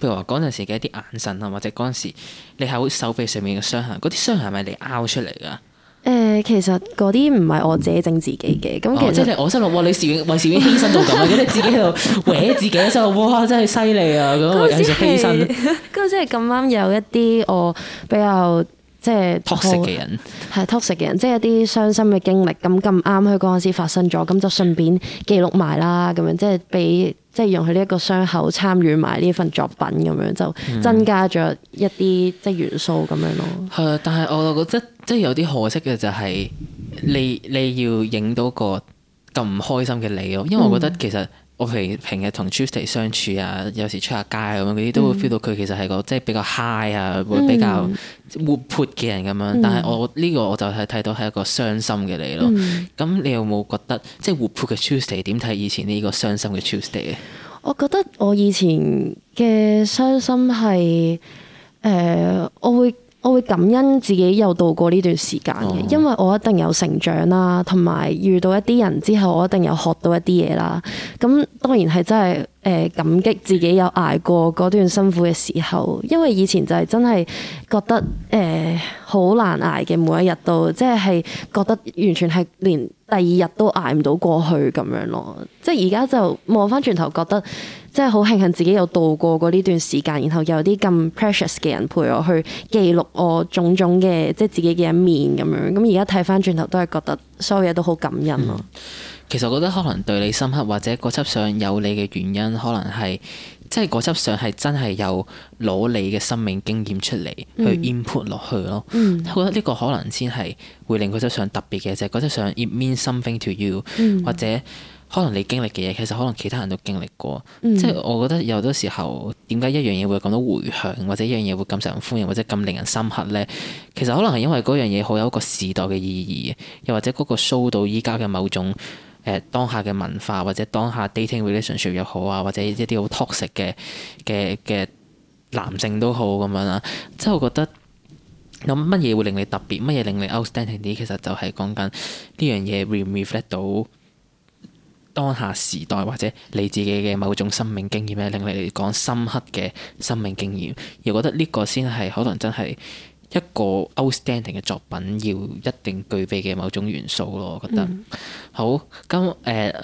如話嗰陣時嘅一啲眼神啊，或者嗰陣時你喺手臂上面嘅傷痕，嗰啲傷痕係咪你拗出嚟㗎？誒，其實嗰啲唔係我自己整自己嘅。咁其實即係我心諗，你是為是邊犧牲到咁，或者自己喺度搲自己心諗，哇，真係犀利啊！咁嗰陣時犧牲，嗰陣時係咁啱有一啲我、哦、比較即係 toxic 嘅人，係 toxic 嘅人，即係一啲傷心嘅經歷，咁咁啱佢嗰陣時發生咗，咁就順便記錄埋啦，咁樣即係俾。即係用佢呢一個傷口參與埋呢份作品咁樣，就增加咗一啲即係元素咁樣咯。係啊、嗯，但係我又覺得即係有啲可惜嘅就係、係、你你要影到個咁唔開心嘅你咯，因為我覺得其實。嗯我平平日同 Tuesday 相處啊，有時出下街咁樣嗰啲，都會 feel 到佢其實係個即係比較 high 啊、嗯，會比較活潑嘅人咁樣。嗯、但係我呢、呢個我就係睇到係一個傷心嘅你咯。咁、嗯、你有冇覺得即係活潑嘅 Tuesday 點睇以前呢個傷心嘅 Tuesday 啊？我覺得我以前嘅傷心係誒、呃，我會。我會感恩自己有度過呢段時間，因為我一定有成長啦，同埋遇到一啲人之後，我一定有學到一啲嘢啦。咁當然係真係。誒感激自己有捱過嗰段辛苦嘅時候，因為以前就係真係覺得誒好難捱嘅每一日都，即係覺得完全係連第二日都捱唔到過去咁樣咯。即係而家就望翻轉頭，覺得即係好慶幸自己有度過過呢段時間，然後有啲咁 precious 嘅人陪我去記錄我種種嘅即係自己嘅一面咁樣。咁而家睇翻轉頭都係覺得所有嘢都好感恩咯。嗯其實我覺得可能對你深刻或者嗰輯相有你嘅原因，可能係即係嗰輯相係真係有攞你嘅生命經驗出嚟、嗯、去 input 落去咯。嗯、我覺得呢個可能先係會令嗰輯相特別嘅，就係嗰輯相 means something to you，嗯、或者可能你經歷嘅嘢其實可能其他人都經歷過。嗯、即係我覺得有好多時候，點解一樣嘢會咁多迴響，或者一樣嘢會咁受歡迎，或者咁令人深刻呢？其實可能係因為嗰樣嘢好有一個時代嘅意義，又或者嗰個 show 到依家嘅某種。誒、呃、當下嘅文化或者當下 dating relationship 又好啊，或者一啲好 toxic 嘅嘅嘅男性都好咁樣啦，即係我覺得有乜嘢會令你特別，乜嘢令你 outstanding 啲？其實就係講緊呢樣嘢 reflect 到當下時代或者你自己嘅某種生命經驗咧，令你嚟講深刻嘅生命經驗，而覺得呢個先係可能真係一個 outstanding 嘅作品要一定具備嘅某種元素咯，我覺得。嗯、好，咁誒、呃，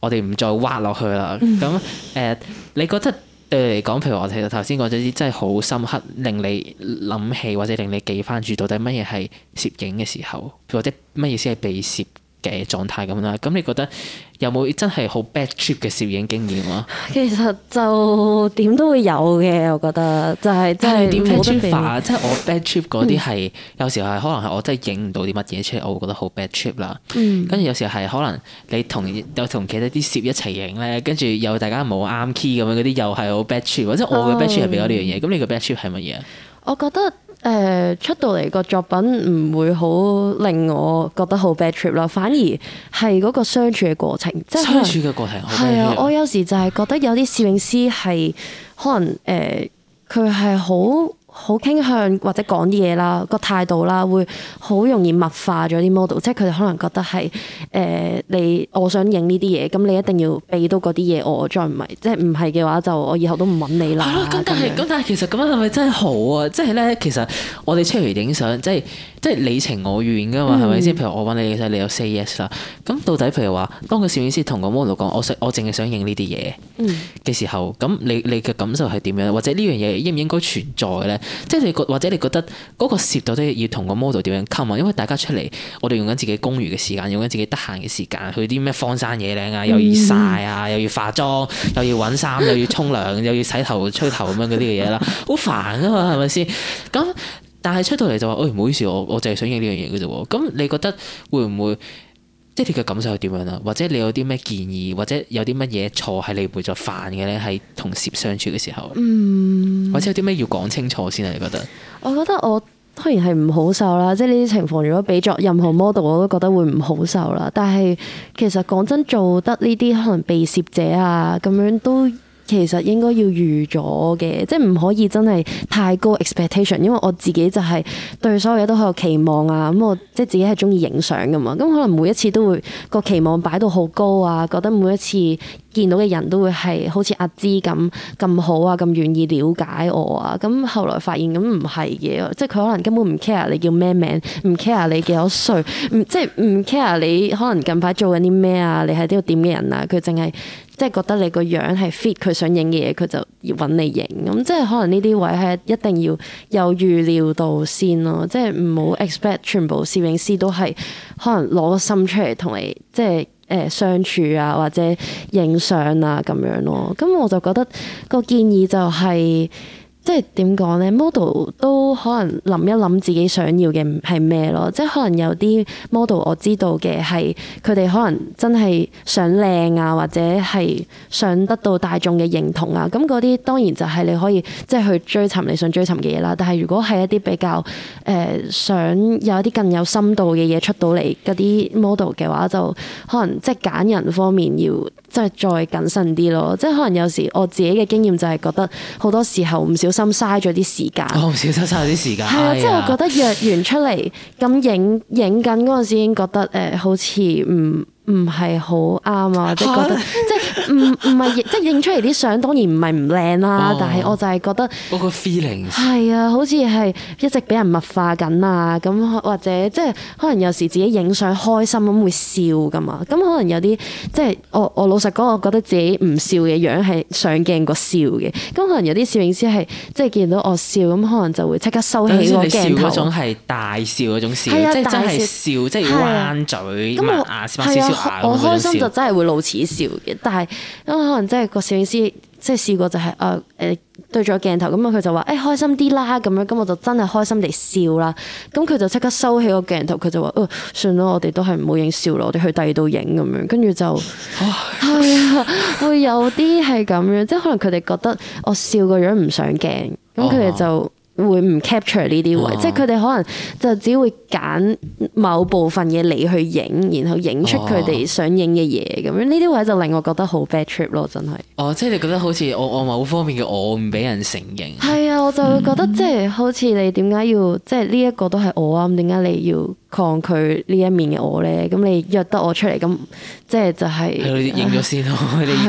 我哋唔再挖落去啦。咁誒、嗯呃，你覺得對你嚟講，譬如我提頭先講咗啲真係好深刻，令你諗起或者令你記翻住到底乜嘢係攝影嘅時候，或者乜意思係被攝嘅狀態咁啦。咁你覺得？有冇真係好 bad trip 嘅攝影經驗啊？其實就點都會有嘅，我覺得就係即係點 bad trip 法， [LAUGHS] 即、就、係、是、我 bad trip 嗰啲係有時候係可能係我真係影唔到啲乜嘢出嚟，我會覺得好 bad trip 啦。跟住、嗯、有時候係可能你同有同其他啲攝一齊影咧，跟住又大家冇啱 key 咁樣嗰啲，又係好 bad trip，或者我嘅 bad trip 係比較呢樣嘢。咁、哦、你嘅 bad trip 係乜嘢啊？我覺得。誒、呃、出到嚟個作品唔會好令我覺得好 bad trip 啦，反而係嗰個相處嘅過程，即係相處嘅過程係啊，我有時就係覺得有啲攝影師係可能誒佢係好。呃好傾向或者講啲嘢啦，個態度啦，會好容易物化咗啲 model，即係佢哋可能覺得係誒、呃、你，我想影呢啲嘢，咁你一定要畀到嗰啲嘢，我再唔係，即係唔係嘅話，就我以後都唔揾你啦。咁但係，咁樣但係其實咁樣係咪真係好啊？即係咧，其實我哋出嚟影相，即係即係你情我願噶嘛，係咪先？譬如我揾你影相，你有 say yes 啦。咁到底譬如話，當個攝影師同個 model 講，我我淨係想影呢啲嘢嘅時候，咁、嗯、你你嘅感受係點樣？或者呢樣嘢應唔應該存在咧？即係你覺或者你覺得嗰個攝到都要同個 model 點樣溝啊？因為大家出嚟，我哋用緊自己公餘嘅時間，用緊自己得閒嘅時間去啲咩荒山野嶺啊，又要晒啊 [LAUGHS] 又要，又要化妝，又要揾衫，又要沖涼，又要洗頭 [LAUGHS] 吹頭咁樣嗰啲嘅嘢啦，好煩吖嘛，係咪先？咁但係出到嚟就話，哎，唔好意思，我我淨係想影呢樣嘢嘅啫喎。咁你覺得會唔會？即係你嘅感受係點樣啊？或者你有啲咩建議，或者有啲乜嘢錯係你會再犯嘅咧？喺同攝相處嘅時候，嗯、或者有啲咩要講清楚先啊？你覺得？我覺得我當然係唔好受啦。即係呢啲情況，如果俾作任何 model，我都覺得會唔好受啦。但係其實講真，做得呢啲可能被攝者啊，咁樣都。其實應該要預咗嘅，即係唔可以真係太高 expectation，因為我自己就係對所有嘢都好有期望啊。咁我即係自己係中意影相噶嘛，咁可能每一次都會個期望擺到好高啊，覺得每一次見到嘅人都會係好似阿芝咁咁好啊，咁願意了解我啊。咁後來發現咁唔係嘅，即係佢可能根本唔 care 你叫咩名，唔 care 你幾多歲，即係唔 care 你可能近排做緊啲咩啊，你係呢個點嘅人啊，佢淨係。即係覺得你個樣係 fit 佢想影嘅嘢，佢就要揾你影。咁即係可能呢啲位係一定要有預料到先咯。即係唔好 expect 全部攝影師都係可能攞個心出嚟同你即係誒、呃、相處啊，或者影相啊咁樣咯。咁我就覺得個建議就係、是。即係點講咧？model 都可能諗一諗自己想要嘅係咩咯？即係可能有啲 model 我知道嘅係佢哋可能真係想靚啊，或者係想得到大眾嘅認同啊。咁嗰啲當然就係你可以即係、就是、去追尋你想追尋嘅嘢啦。但係如果係一啲比較誒、呃、想有一啲更有深度嘅嘢出到嚟嗰啲 model 嘅話，就可能即係揀人方面要即係再謹慎啲咯。即係可能有時我自己嘅經驗就係覺得好多時候唔少。心嘥咗啲時間，小心嘥咗啲時間。係啊，即係我覺得約完出嚟咁影影緊嗰陣時，已經覺得誒、呃、好似唔。唔係好啱啊！即係、哦、覺得即係唔唔係即係影出嚟啲相當然唔係唔靚啦，但係我就係覺得嗰個 feeling 係啊，好似係一直俾人物化緊啊！咁或者即係可能有時自己影相開心咁會笑噶嘛，咁可能有啲即係我我老實講，我覺得自己唔笑嘅樣係上鏡過笑嘅。咁可能有啲攝影師係即係見到我笑咁，可能就會即刻收起我鏡頭。即係你笑嗰種係大笑嗰種笑，即係真係笑，即係、就係、彎嘴、擘我開心就真係會露齒笑嘅，但係因為可能真係個攝影師即係試過就係啊誒對住鏡頭咁啊，佢就話誒、欸、開心啲啦咁樣，咁我就真係開心地笑啦，咁佢就即刻收起個鏡頭，佢就話哦，算啦，我哋都係唔好影笑啦，我哋去第二度影咁樣，跟住就係啊，會有啲係咁樣，即係可能佢哋覺得我笑個樣唔上鏡，咁佢哋就。 [LAUGHS] 會唔 capture 呢啲位，哦、即係佢哋可能就只會揀某部分嘅你去影，然後影出佢哋想影嘅嘢咁樣。呢啲、哦、位就令我覺得好 bad trip 咯，真係。哦，即係你覺得好似我我某方面嘅我唔俾人承認。係啊，我就會覺得即係好似你點解要即係呢一個都係我啊？咁點解你要抗拒呢一面嘅我咧，咁你約得我出嚟，咁即係就係影咗先咯。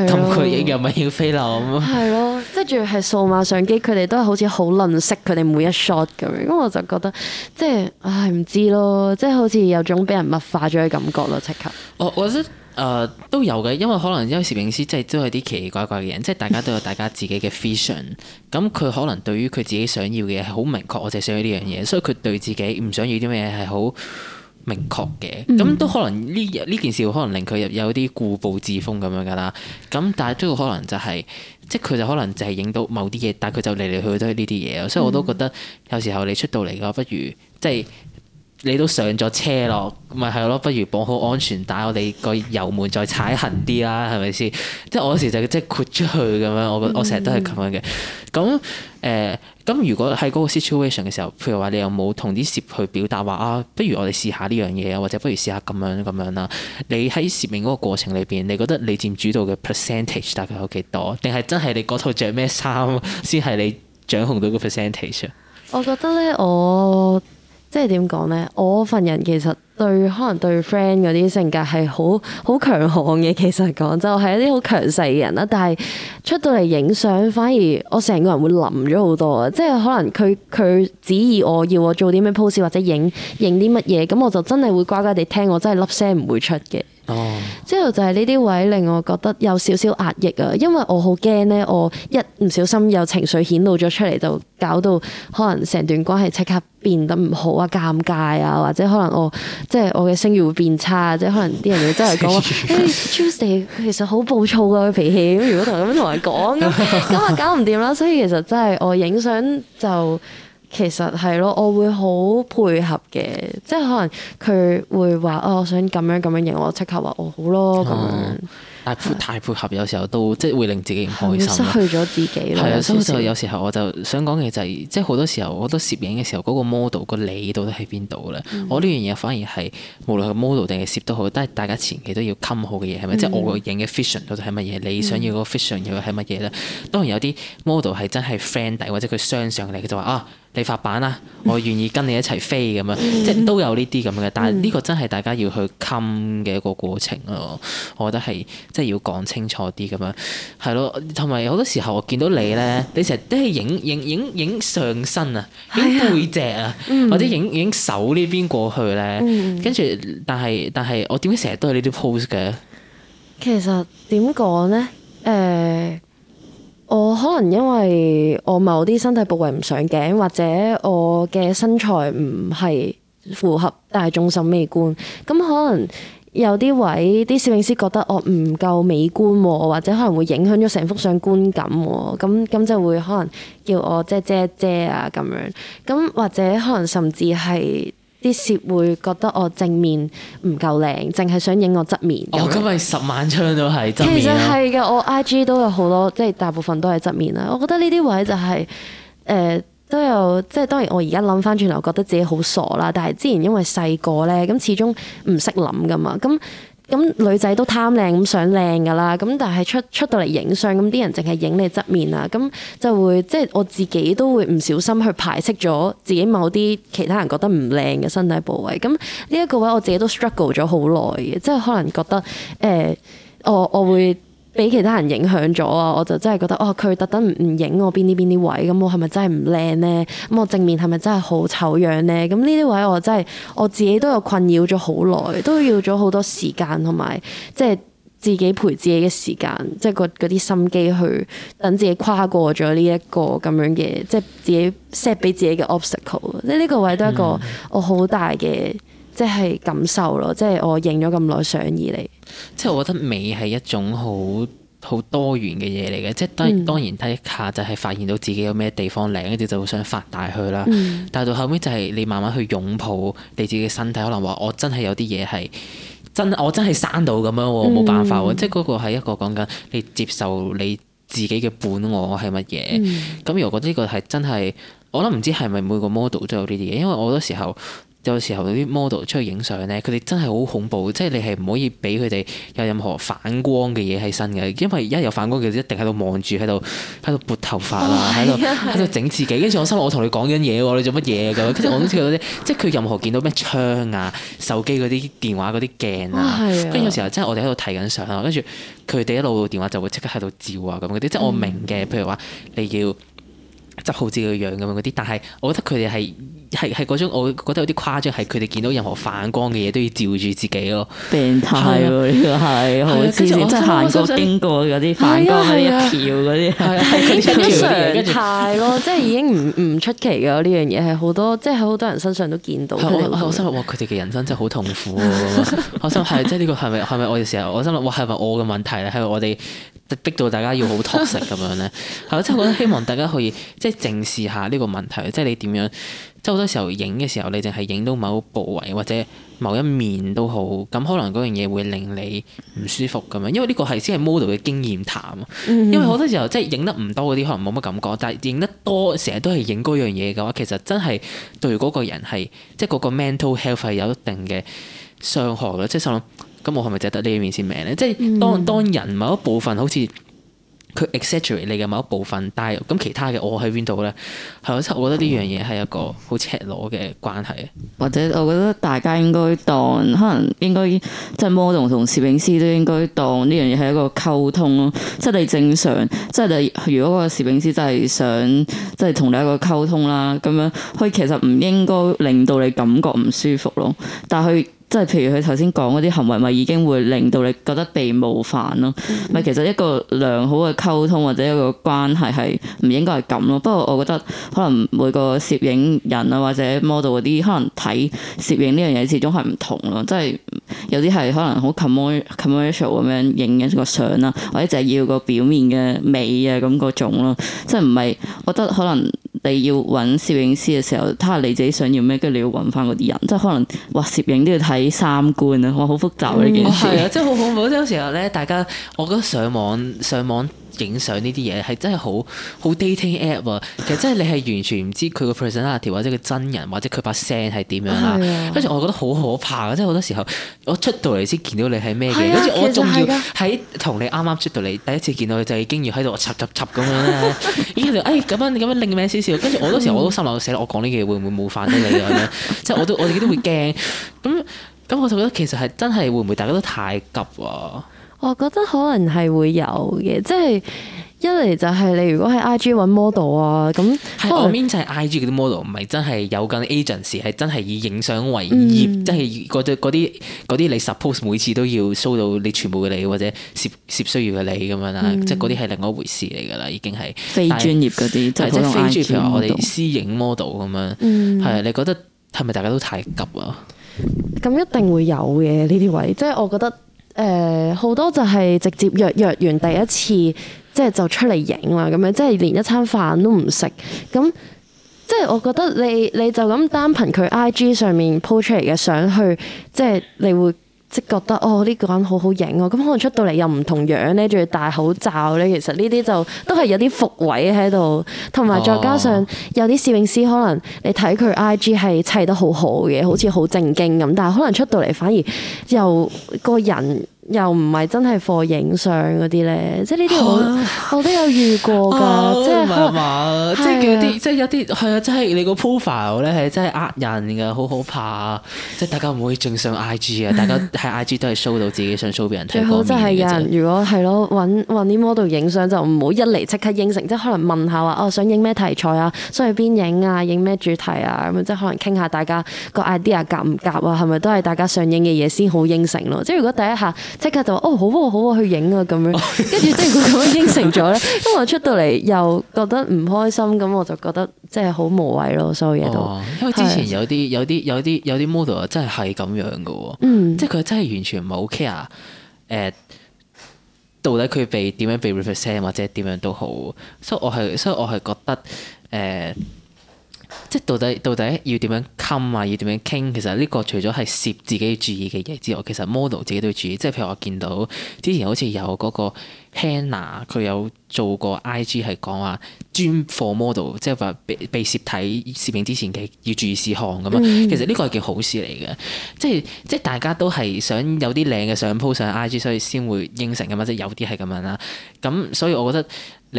咁佢影又咪要飛流咁咯。係咯，即係仲要係數碼相機，佢哋都係好似好吝嗇佢哋每一 shot 咁樣。咁我就覺得即係唉，唔知咯，即係好似有種俾人物化咗嘅感覺咯，即刻。我我、oh, 誒、呃、都有嘅，因為可能因為攝影師即係都係啲奇奇怪怪嘅人， [LAUGHS] 即係大家都有大家自己嘅 fashion。咁佢可能對於佢自己想要嘅嘢係好明確，我就想要呢樣嘢，所以佢對自己唔想要啲咩嘢係好明確嘅。咁 [LAUGHS] 都可能呢呢 [LAUGHS] 件事可能令佢有啲固步自封咁樣噶啦。咁但係都可能就係、是、即係佢就可能就係影到某啲嘢，但係佢就嚟嚟去去都係呢啲嘢。所以我都覺得有時候你出到嚟嘅話，不如即係。就是你都上咗車咯，咪係咯，不如綁好安全帶，我哋個油門再踩狠啲啦，係咪先？ [MUSIC] 即係我時就即係豁出去咁樣，我我成日都係咁樣嘅。咁誒，咁、呃、如果喺嗰個 situation 嘅時候，譬如話你有冇同啲攝去表達話啊，啊，啊？不如我哋試下呢樣嘢啊，或者不如試下咁樣咁樣啦。你、啊、喺、啊啊、攝影嗰個過程裏邊，你覺得你佔主導嘅 percentage 大概有幾多？定係真係你嗰套着咩衫先係你掌控到個 percentage？我覺得咧，我。即係點講咧？我份人其實～對可能對 friend 嗰啲性格係好好強悍嘅，其實講就係一啲好強勢嘅人啦。但係出到嚟，影相，反而我成個人會冧咗好多啊！即係可能佢佢指意我要我做啲咩 pose 或者影影啲乜嘢，咁我就真係會乖乖哋聽，我真係粒聲唔會出嘅。哦，oh. 之後就係呢啲位令我覺得有少少壓抑啊，因為我好驚呢。我一唔小心有情緒顯露咗出嚟，就搞到可能成段關係即刻變得唔好啊、尷尬啊，或者可能我。即係我嘅聲譽會變差，即係可能啲人要真係講，誒、 [LAUGHS] hey, Tuesday 佢其實好暴躁㗎，佢脾氣，咁如果同咁樣同人講，咁啊 [LAUGHS] 搞唔掂啦。所以其實真係我影相就其實係咯，我會好配合嘅，即係可能佢會話哦，我想咁樣咁樣影，我即刻話哦好咯咁樣。嗯太配合，有時候都即係會令自己唔開心，失去咗自己。係啊，所以就有時候我就想講嘅就係，即係好多時候，我覺得攝影嘅時候嗰、嗰個 model、嗰個你到底喺邊度咧？嗯、我呢樣嘢反而係無論係 model 定係攝都好，都係大家前期都要襟好嘅嘢，係咪？嗯、即係我個影嘅 fashion 到底係乜嘢？你想要個 fashion 嘅係乜嘢咧？嗯、當然有啲 model 係真係 friend 底，或者佢相上嚟，佢就話啊。你發版啦，我願意跟你一齊飛咁樣， [LAUGHS] 即係都有呢啲咁嘅，但係呢個真係大家要去襟嘅一個過程咯。 [LAUGHS] 我覺得係即係要講清楚啲咁樣，係咯。同埋好多時候我見到你咧，你成日都係影影影影上身啊，影背脊啊， [LAUGHS] 或者影影手呢邊過去咧，跟住 [LAUGHS] [LAUGHS] 但係但係我點解成日都係呢啲 pose 嘅？其實點講咧？誒。呃我可能因為我某啲身體部位唔上鏡，或者我嘅身材唔係符合大眾審美觀，咁可能有啲位啲攝影師覺得我唔夠美觀，或者可能會影響咗成幅相觀感，咁咁就會可能叫我遮遮遮啊咁樣，咁或者可能甚至係。啲攝會覺得我正面唔夠靚，淨係想影我側面。我、哦、今日十萬張都係側。其實係嘅，我 IG 都有好多，即係大部分都係側面啦。我覺得呢啲位就係、是、誒、呃、都有，即係當然我而家諗翻轉頭，我覺得自己好傻啦。但係之前因為細個咧，咁始終唔識諗㗎嘛，咁。咁女仔都貪靚，咁想靚㗎啦，咁但係出出到嚟影相，咁啲人淨係影你側面啊，咁就會即係、就是、我自己都會唔小心去排斥咗自己某啲其他人覺得唔靚嘅身體部位。咁呢一個位我自己都 struggle 咗好耐嘅，即係可能覺得誒、呃、我我會。俾其他人影響咗啊！我就真係覺得，哦，佢特登唔影我邊啲邊啲位，咁我係咪真係唔靚咧？咁我正面係咪真係好醜樣咧？咁呢啲位我真係我自己都有困擾咗好耐，都要咗好多時間同埋，即係自己陪自己嘅時間，即係嗰啲心機去等自己跨過咗呢一個咁樣嘅，即係自己 set 俾自己嘅 obstacle。即係呢個位都係一個我好大嘅。嗯即係感受咯，就是、即係我影咗咁耐相以嚟。即係我覺得美係一種好好多元嘅嘢嚟嘅，嗯、即係當當然睇下就係發現到自己有咩地方靚，跟住就會想放大佢啦。嗯、但係到後面就係你慢慢去擁抱你自己嘅身體，可能話我真係有啲嘢係真，我真係生到咁樣喎，冇辦法喎。嗯、即係嗰個係一個講緊你接受你自己嘅本我係乜嘢。咁、嗯、如果呢個係真係，我諗唔知係咪每個 model 都有呢啲嘢，因為我好多時候。有時候啲 model 出去影相咧，佢哋真係好恐怖，即、就、係、是、你係唔可以俾佢哋有任何反光嘅嘢喺身嘅，因為一有反光佢就一定喺度望住喺度喺度撥頭髮、哦、在在啊，喺度喺度整自己。跟住、啊、我心諗我同你講緊嘢喎，你做乜嘢咁？跟住 [LAUGHS] 我都知道啲，即係佢任何見到咩窗啊、手機嗰啲、電話嗰啲鏡、哦、啊。跟住有時候真係我哋喺度睇緊相啊，跟住佢哋一路電話就會即刻喺度照啊咁嗰啲。即係我明嘅，譬、嗯、如話你要。執好自己個樣咁樣嗰啲，但係我覺得佢哋係係係嗰種，我覺得有啲誇張，係佢哋見到任何反光嘅嘢都要照住自己咯，病態喎，係好似，行過經過嗰啲反光嗰啲嗰啲，係已經啲常態喎，即係已經唔唔出奇嘅呢樣嘢，係好多即係喺好多人身上都見到。我心諗佢哋嘅人生真係好痛苦喎！我心係即係呢個係咪係咪我哋時候？我心諗哇，係咪我嘅問題咧？係我哋。逼到大家要好 toxic 咁樣咧，係咯，即係我覺得希望大家可以即係正視下呢個問題， [LAUGHS] 即係你點樣？即係好多時候影嘅時候，你淨係影到某個部位或者某一面都好，咁可能嗰樣嘢會令你唔舒服咁樣，因為呢個係先係 model 嘅經驗談。因為好多時候即係影得唔多嗰啲，可能冇乜感覺，但係影得多成日都係影嗰樣嘢嘅話，其實真係對嗰個人係即係嗰個 mental health 係有一定嘅傷害㗎，即係心諗。咁我係咪就得呢一面先明咧？即係當當人某一部分、嗯、好似佢 exaggerate 你嘅某一部分，但係咁其他嘅我喺邊度咧？係咯，即係我覺得呢樣嘢係一個好赤裸嘅關係。嗯、或者我覺得大家應該當，可能應該即係 model 同攝影師都應該當呢樣嘢係一個溝通咯。即係你正常，即係你如果個攝影師真係想，即係同你一個溝通啦，咁樣佢其實唔應該令到你感覺唔舒服咯。但係，即係譬如佢頭先講啲行為咪已經會令到你覺得被冒犯咯。咪、嗯嗯、其實一個良好嘅溝通或者一個關係係唔應該係咁咯。嗯、不過我覺得可能每個攝影人啊或者 model 啲，可能睇攝影呢樣嘢始終係唔同咯。即係有啲係可能好 commercial commercial 咁樣影一個相啦，或者就係要個表面嘅美啊咁種咯。即係唔係，我覺得可能你要揾攝影師嘅時候，睇下你自己想要咩，跟住你要揾翻啲人。即係可能哇攝影都要睇。三觀啊，我好複雜呢、啊、 [NOISE] [NOISE] 件事，係啊，真係好恐怖。即有時候咧，大家，我覺得上網上網影相呢啲嘢係真係好好 dating app，啊。其實真係你係完全唔知佢個 personality 或者佢真人或者佢把聲係點樣啦、啊。跟住、啊、我覺得好可怕、啊、即係好多時候我出到嚟先見到你係咩嘢，啊、跟住我仲要喺同你啱啱出到嚟、啊、 [NOISE] 第一次見到佢就已經要喺度插插插咁樣啦。已經就誒咁樣咁樣另 i 咩少少，跟住我好多時候我都心諗死啦，我講呢嘢會唔會冒犯得你啊？即係我都我自己都會驚咁。咁我就覺得其實係真係會唔會大家都太急啊？我覺得可能係會有嘅，即係一嚟就係你如果喺 I G 揾 model 啊，咁係面就係 I G 嗰啲 model，唔係真係有緊 agency，係真係以影相為業，即係嗰啲啲你 suppose 每次都要 show 到你全部嘅你或者攝需要嘅你咁樣啦，嗯、即係嗰啲係另外一回事嚟噶啦，已經係非專業嗰啲，即、就、者、是、非專業譬如我哋私影 model 咁樣，係啊、嗯，你覺得係咪大家都太急啊？咁一定會有嘅呢啲位，即係我覺得，誒、呃，好多就係直接約約完第一次，即係就出嚟影啦，咁樣即係連一餐飯都唔食，咁即係我覺得你你就咁單憑佢 IG 上面鋪出嚟嘅相去，即係你會。即覺得哦呢、呢個人好好型啊，咁可能出到嚟又唔同樣咧，仲要戴口罩咧。其實呢啲就都係有啲伏位喺度，同埋再加上、哦、有啲攝影師可能你睇佢 IG 係砌得好好嘅，好似好正經咁，但係可能出到嚟反而又個人。又唔係真係貨影相嗰啲咧，即係呢啲我都有遇過㗎，即係黑即係嗰啲，即係有啲係啊，即係你個 profile 咧係真係呃人嘅，好可怕啊！即係大家唔可以正常 IG 啊，大家喺 IG 都係 show 到自己想 show 俾人睇。係啊，真係嘅。如果係咯，揾揾啲 model 影相就唔好一嚟即刻應承，即係可能問下話哦，想影咩題材啊，想去邊影啊，影咩主題啊，咁即係可能傾下大家個 idea 夾唔夾啊，係咪都係大家想影嘅嘢先好應承咯。即係如果第一下。即刻就話，哦，好啊好啊，去影啊咁樣，跟住即係佢咁樣應承咗咧，因為我 [LAUGHS] 出到嚟又覺得唔開心，咁我就覺得即係好無謂咯，所有嘢都、哦。因為之前有啲是有啲有啲有啲 model 啊，真係係咁樣噶，嗯、即係佢真係完全唔係 care，誒，到底佢被點樣被 represent 或者點樣都好，所以我係所以我係覺得誒。呃即係到底到底要點樣冚啊？要點樣傾？其實呢個除咗係攝自己要注意嘅嘢之外，其實 model 自己都要注意。即係譬如我見到之前好似有嗰個 Hannah，佢有做過 IG 係講話專貨 model，即係話被被攝睇攝影之前嘅要注意事項咁樣。其實呢個係件好事嚟嘅，即係即係大家都係想有啲靚嘅相 po 上 IG，所以先會應承咁樣。即係有啲係咁樣啦。咁所以我覺得。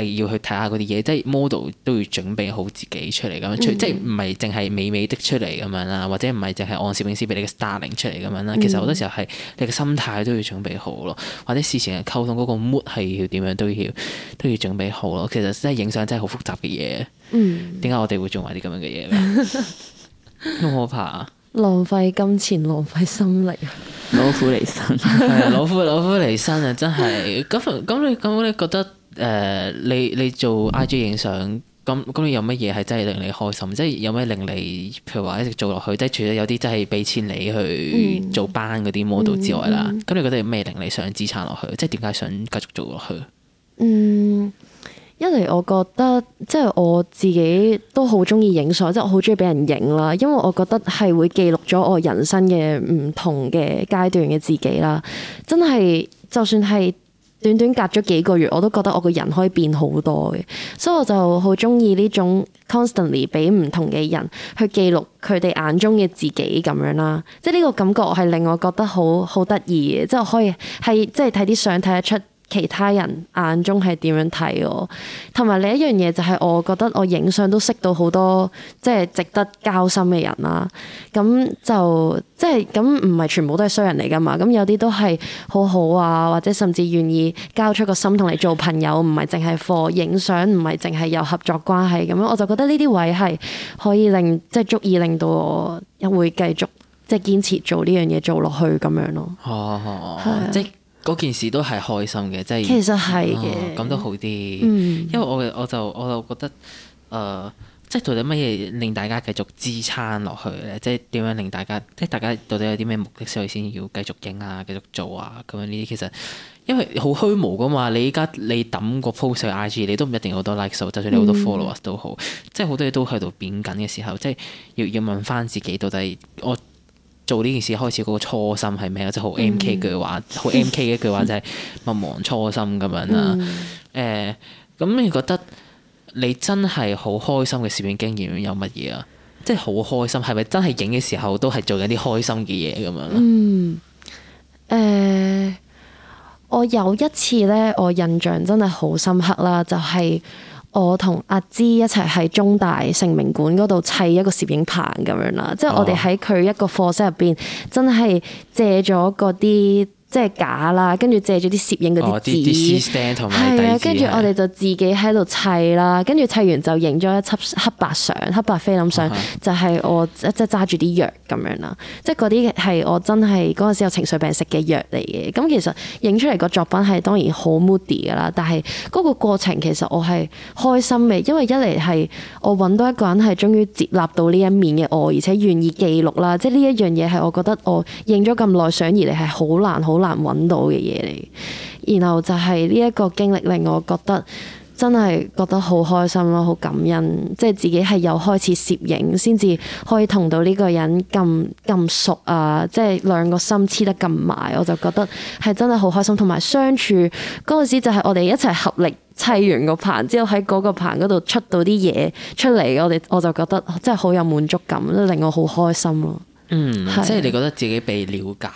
你要去睇下嗰啲嘢，即係 model 都要準備好自己出嚟咁樣，即係唔係淨係美美的出嚟咁樣啦，或者唔係淨係按攝影師俾你嘅 styling 出嚟咁樣啦。其實好多時候係你嘅心態都要準備好咯，或者事前嘅溝通嗰個 mood 要點樣都要都要準備好咯。其實真係影相真係好複雜嘅嘢。嗯，點解我哋會做埋啲咁樣嘅嘢咧？好、嗯、可怕，啊，浪費金錢，浪費心力，老 [LAUGHS] 夫離身，老夫老夫離身啊！真係咁咁你咁你，你覺得？誒、呃，你你做 IG 影相，咁咁有乜嘢係真係令你開心？即係有咩令你，譬如話一直做落去，即係除咗有啲真係俾錢你去做班嗰啲 model 之外啦，咁、嗯嗯、你覺得有咩令你想支撐落去？即係點解想繼續做落去？嗯，一嚟我覺得即係、就是、我自己都好中意影相，即、就、係、是、我好中意俾人影啦，因為我覺得係會記錄咗我人生嘅唔同嘅階段嘅自己啦。真係就算係。短短隔咗幾個月，我都覺得我個人可以變好多嘅，所以我就好中意呢種 constantly 俾唔同嘅人去記錄佢哋眼中嘅自己咁樣啦，即係呢個感覺係令我覺得好好得意嘅，即我可以係即係睇啲相睇得出。其他人眼中係點樣睇我？同埋另一樣嘢就係，我覺得我影相都識到好多即係值得交心嘅人啦。咁就即係咁，唔係全部都係衰人嚟㗎嘛。咁有啲都係好好啊，或者甚至願意交出個心同你做朋友，唔係淨係貨影相，唔係淨係有合作關係咁樣。我就覺得呢啲位係可以令即係足以令到我一會繼續即係堅持做呢樣嘢做落去咁樣咯。 [LAUGHS] 是啊、即嗰件事都係開心嘅，即係其實係嘅，咁都、哦、好啲。嗯、因為我我就我就覺得，誒、呃，即係到底乜嘢令大家繼續支撐落去咧？即係點樣令大家，即係大家到底有啲咩目的所以先要繼續影啊，繼續做啊？咁樣呢啲其實因為好虛無㗎嘛。你依家你抌個 post 喺 IG，你都唔一定好多 like 數，就算你好多 followers 都好，嗯、即係好多嘢都喺度變緊嘅時候，即係要要問返自己到底我。做呢件事開始嗰個初心係咩啊？即係好 M K 句話，好 M K 嘅一句話就係勿忘初心咁樣啦。誒，咁你覺得你真係好開心嘅攝影經驗有乜嘢啊？即係好開心，係咪真係影嘅時候都係做緊啲開心嘅嘢咁樣？嗯。誒，我有一次咧，我印象真係好深刻啦，就係。我同阿芝一齊喺中大成名館嗰度砌一個攝影棚咁樣啦，哦、即係我哋喺佢一個課室入邊，真係借咗嗰啲。即係假啦，跟住借咗啲攝影嗰啲紙，哦、係啊，跟住我哋就自己喺度砌啦，跟住砌完就影咗一輯黑白相，黑白菲林相，就係我即即係揸住啲藥咁樣啦。即係啲係我真係陣時有情緒病食嘅藥嚟嘅。咁其實影出嚟個作品係當然好 moody 㗎啦，但係個過程其實我係開心嘅，因為一嚟係我揾到一個人係終於接納到呢一面嘅我，而且願意記錄啦。即係呢一樣嘢係我覺得我影咗咁耐相而嚟係好難好難難揾到嘅嘢嚟，然後就係呢一個經歷令我覺得真係覺得好開心咯，好感恩，即係自己係有開始攝影，先至可以同到呢個人咁咁熟啊，即係兩個心黐得咁埋，我就覺得係真係好開心，同埋相處嗰陣時就係我哋一齊合力砌完個棚之後喺嗰個棚嗰度出到啲嘢出嚟，我哋我就覺得真係好有滿足感，令我好開心咯啊。嗯，是即係你覺得自己被了解，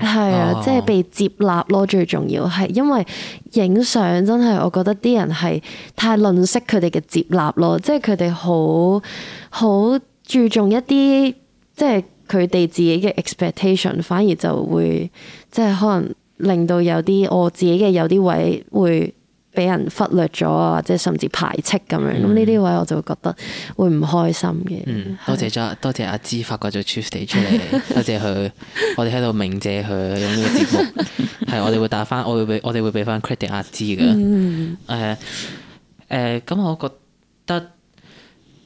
係啊，哦、即係被接納咯，最重要係因為影相真係，我覺得啲人係太吝嗇佢哋嘅接納咯，即係佢哋好好注重一啲，即係佢哋自己嘅 expectation，反而就會，即係可能令到有啲我自己嘅有啲位會。俾人忽略咗啊，或者甚至排斥咁樣，咁呢啲位我就會覺得會唔開心嘅。嗯，多謝咗，是多謝阿芝發掘咗 Tuesday 出嚟， [LAUGHS] 多謝佢，我哋喺度鳴謝佢。用呢個節目，係 [LAUGHS] 我哋會打翻，我會俾我哋會俾翻 credit 阿芝嘅。嗯誒，誒，咁我覺得，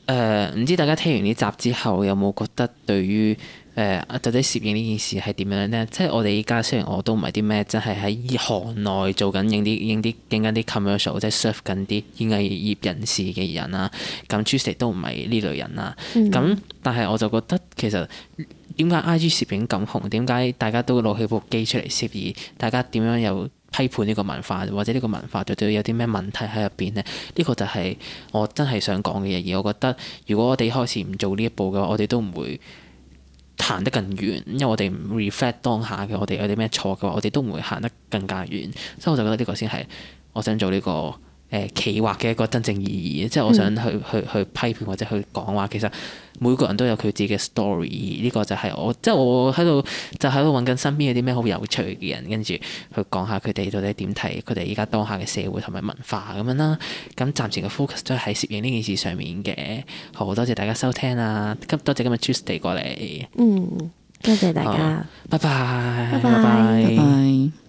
誒，唔知大家聽完呢集之後，有冇覺得對於？誒、呃，到底攝影呢件事係點樣咧？即係我哋依家雖然我都唔係啲咩，真係喺行內做緊影啲影啲影緊啲 commercial，即係 serve 緊啲演藝業人士嘅人啊。咁 Tuesday 都唔係呢類人啊。咁、嗯、但係我就覺得其實點解 I G 攝影咁紅？點解大家都攞起部機出嚟攝影，大家點樣有批判呢個文化，或者呢個文化到底有啲咩問題喺入邊呢？呢、呢個就係我真係想講嘅嘢。而我覺得如果我哋開始唔做呢一步嘅話，我哋都唔會行得更遠，因為我哋唔 reflect 當下嘅我哋有啲咩錯嘅話，我哋都唔會行得更加遠，所以我就覺得呢個先係我想做呢個。誒、呃、企劃嘅一個真正意義，即係我想去、嗯、去去，去批判或者去講話，其實每個人都有佢自己嘅 story，呢個就係我即係我喺度就喺度揾緊身邊有啲咩好有趣嘅人，跟住去講下佢哋到底點睇佢哋依家當下嘅社會同埋文化咁樣啦。咁暫時嘅 focus 都係喺攝影呢件事上面嘅。好多謝大家收聽啊，多謝今日 Tuesday 過嚟。嗯，多謝、謝大家，拜拜，拜拜。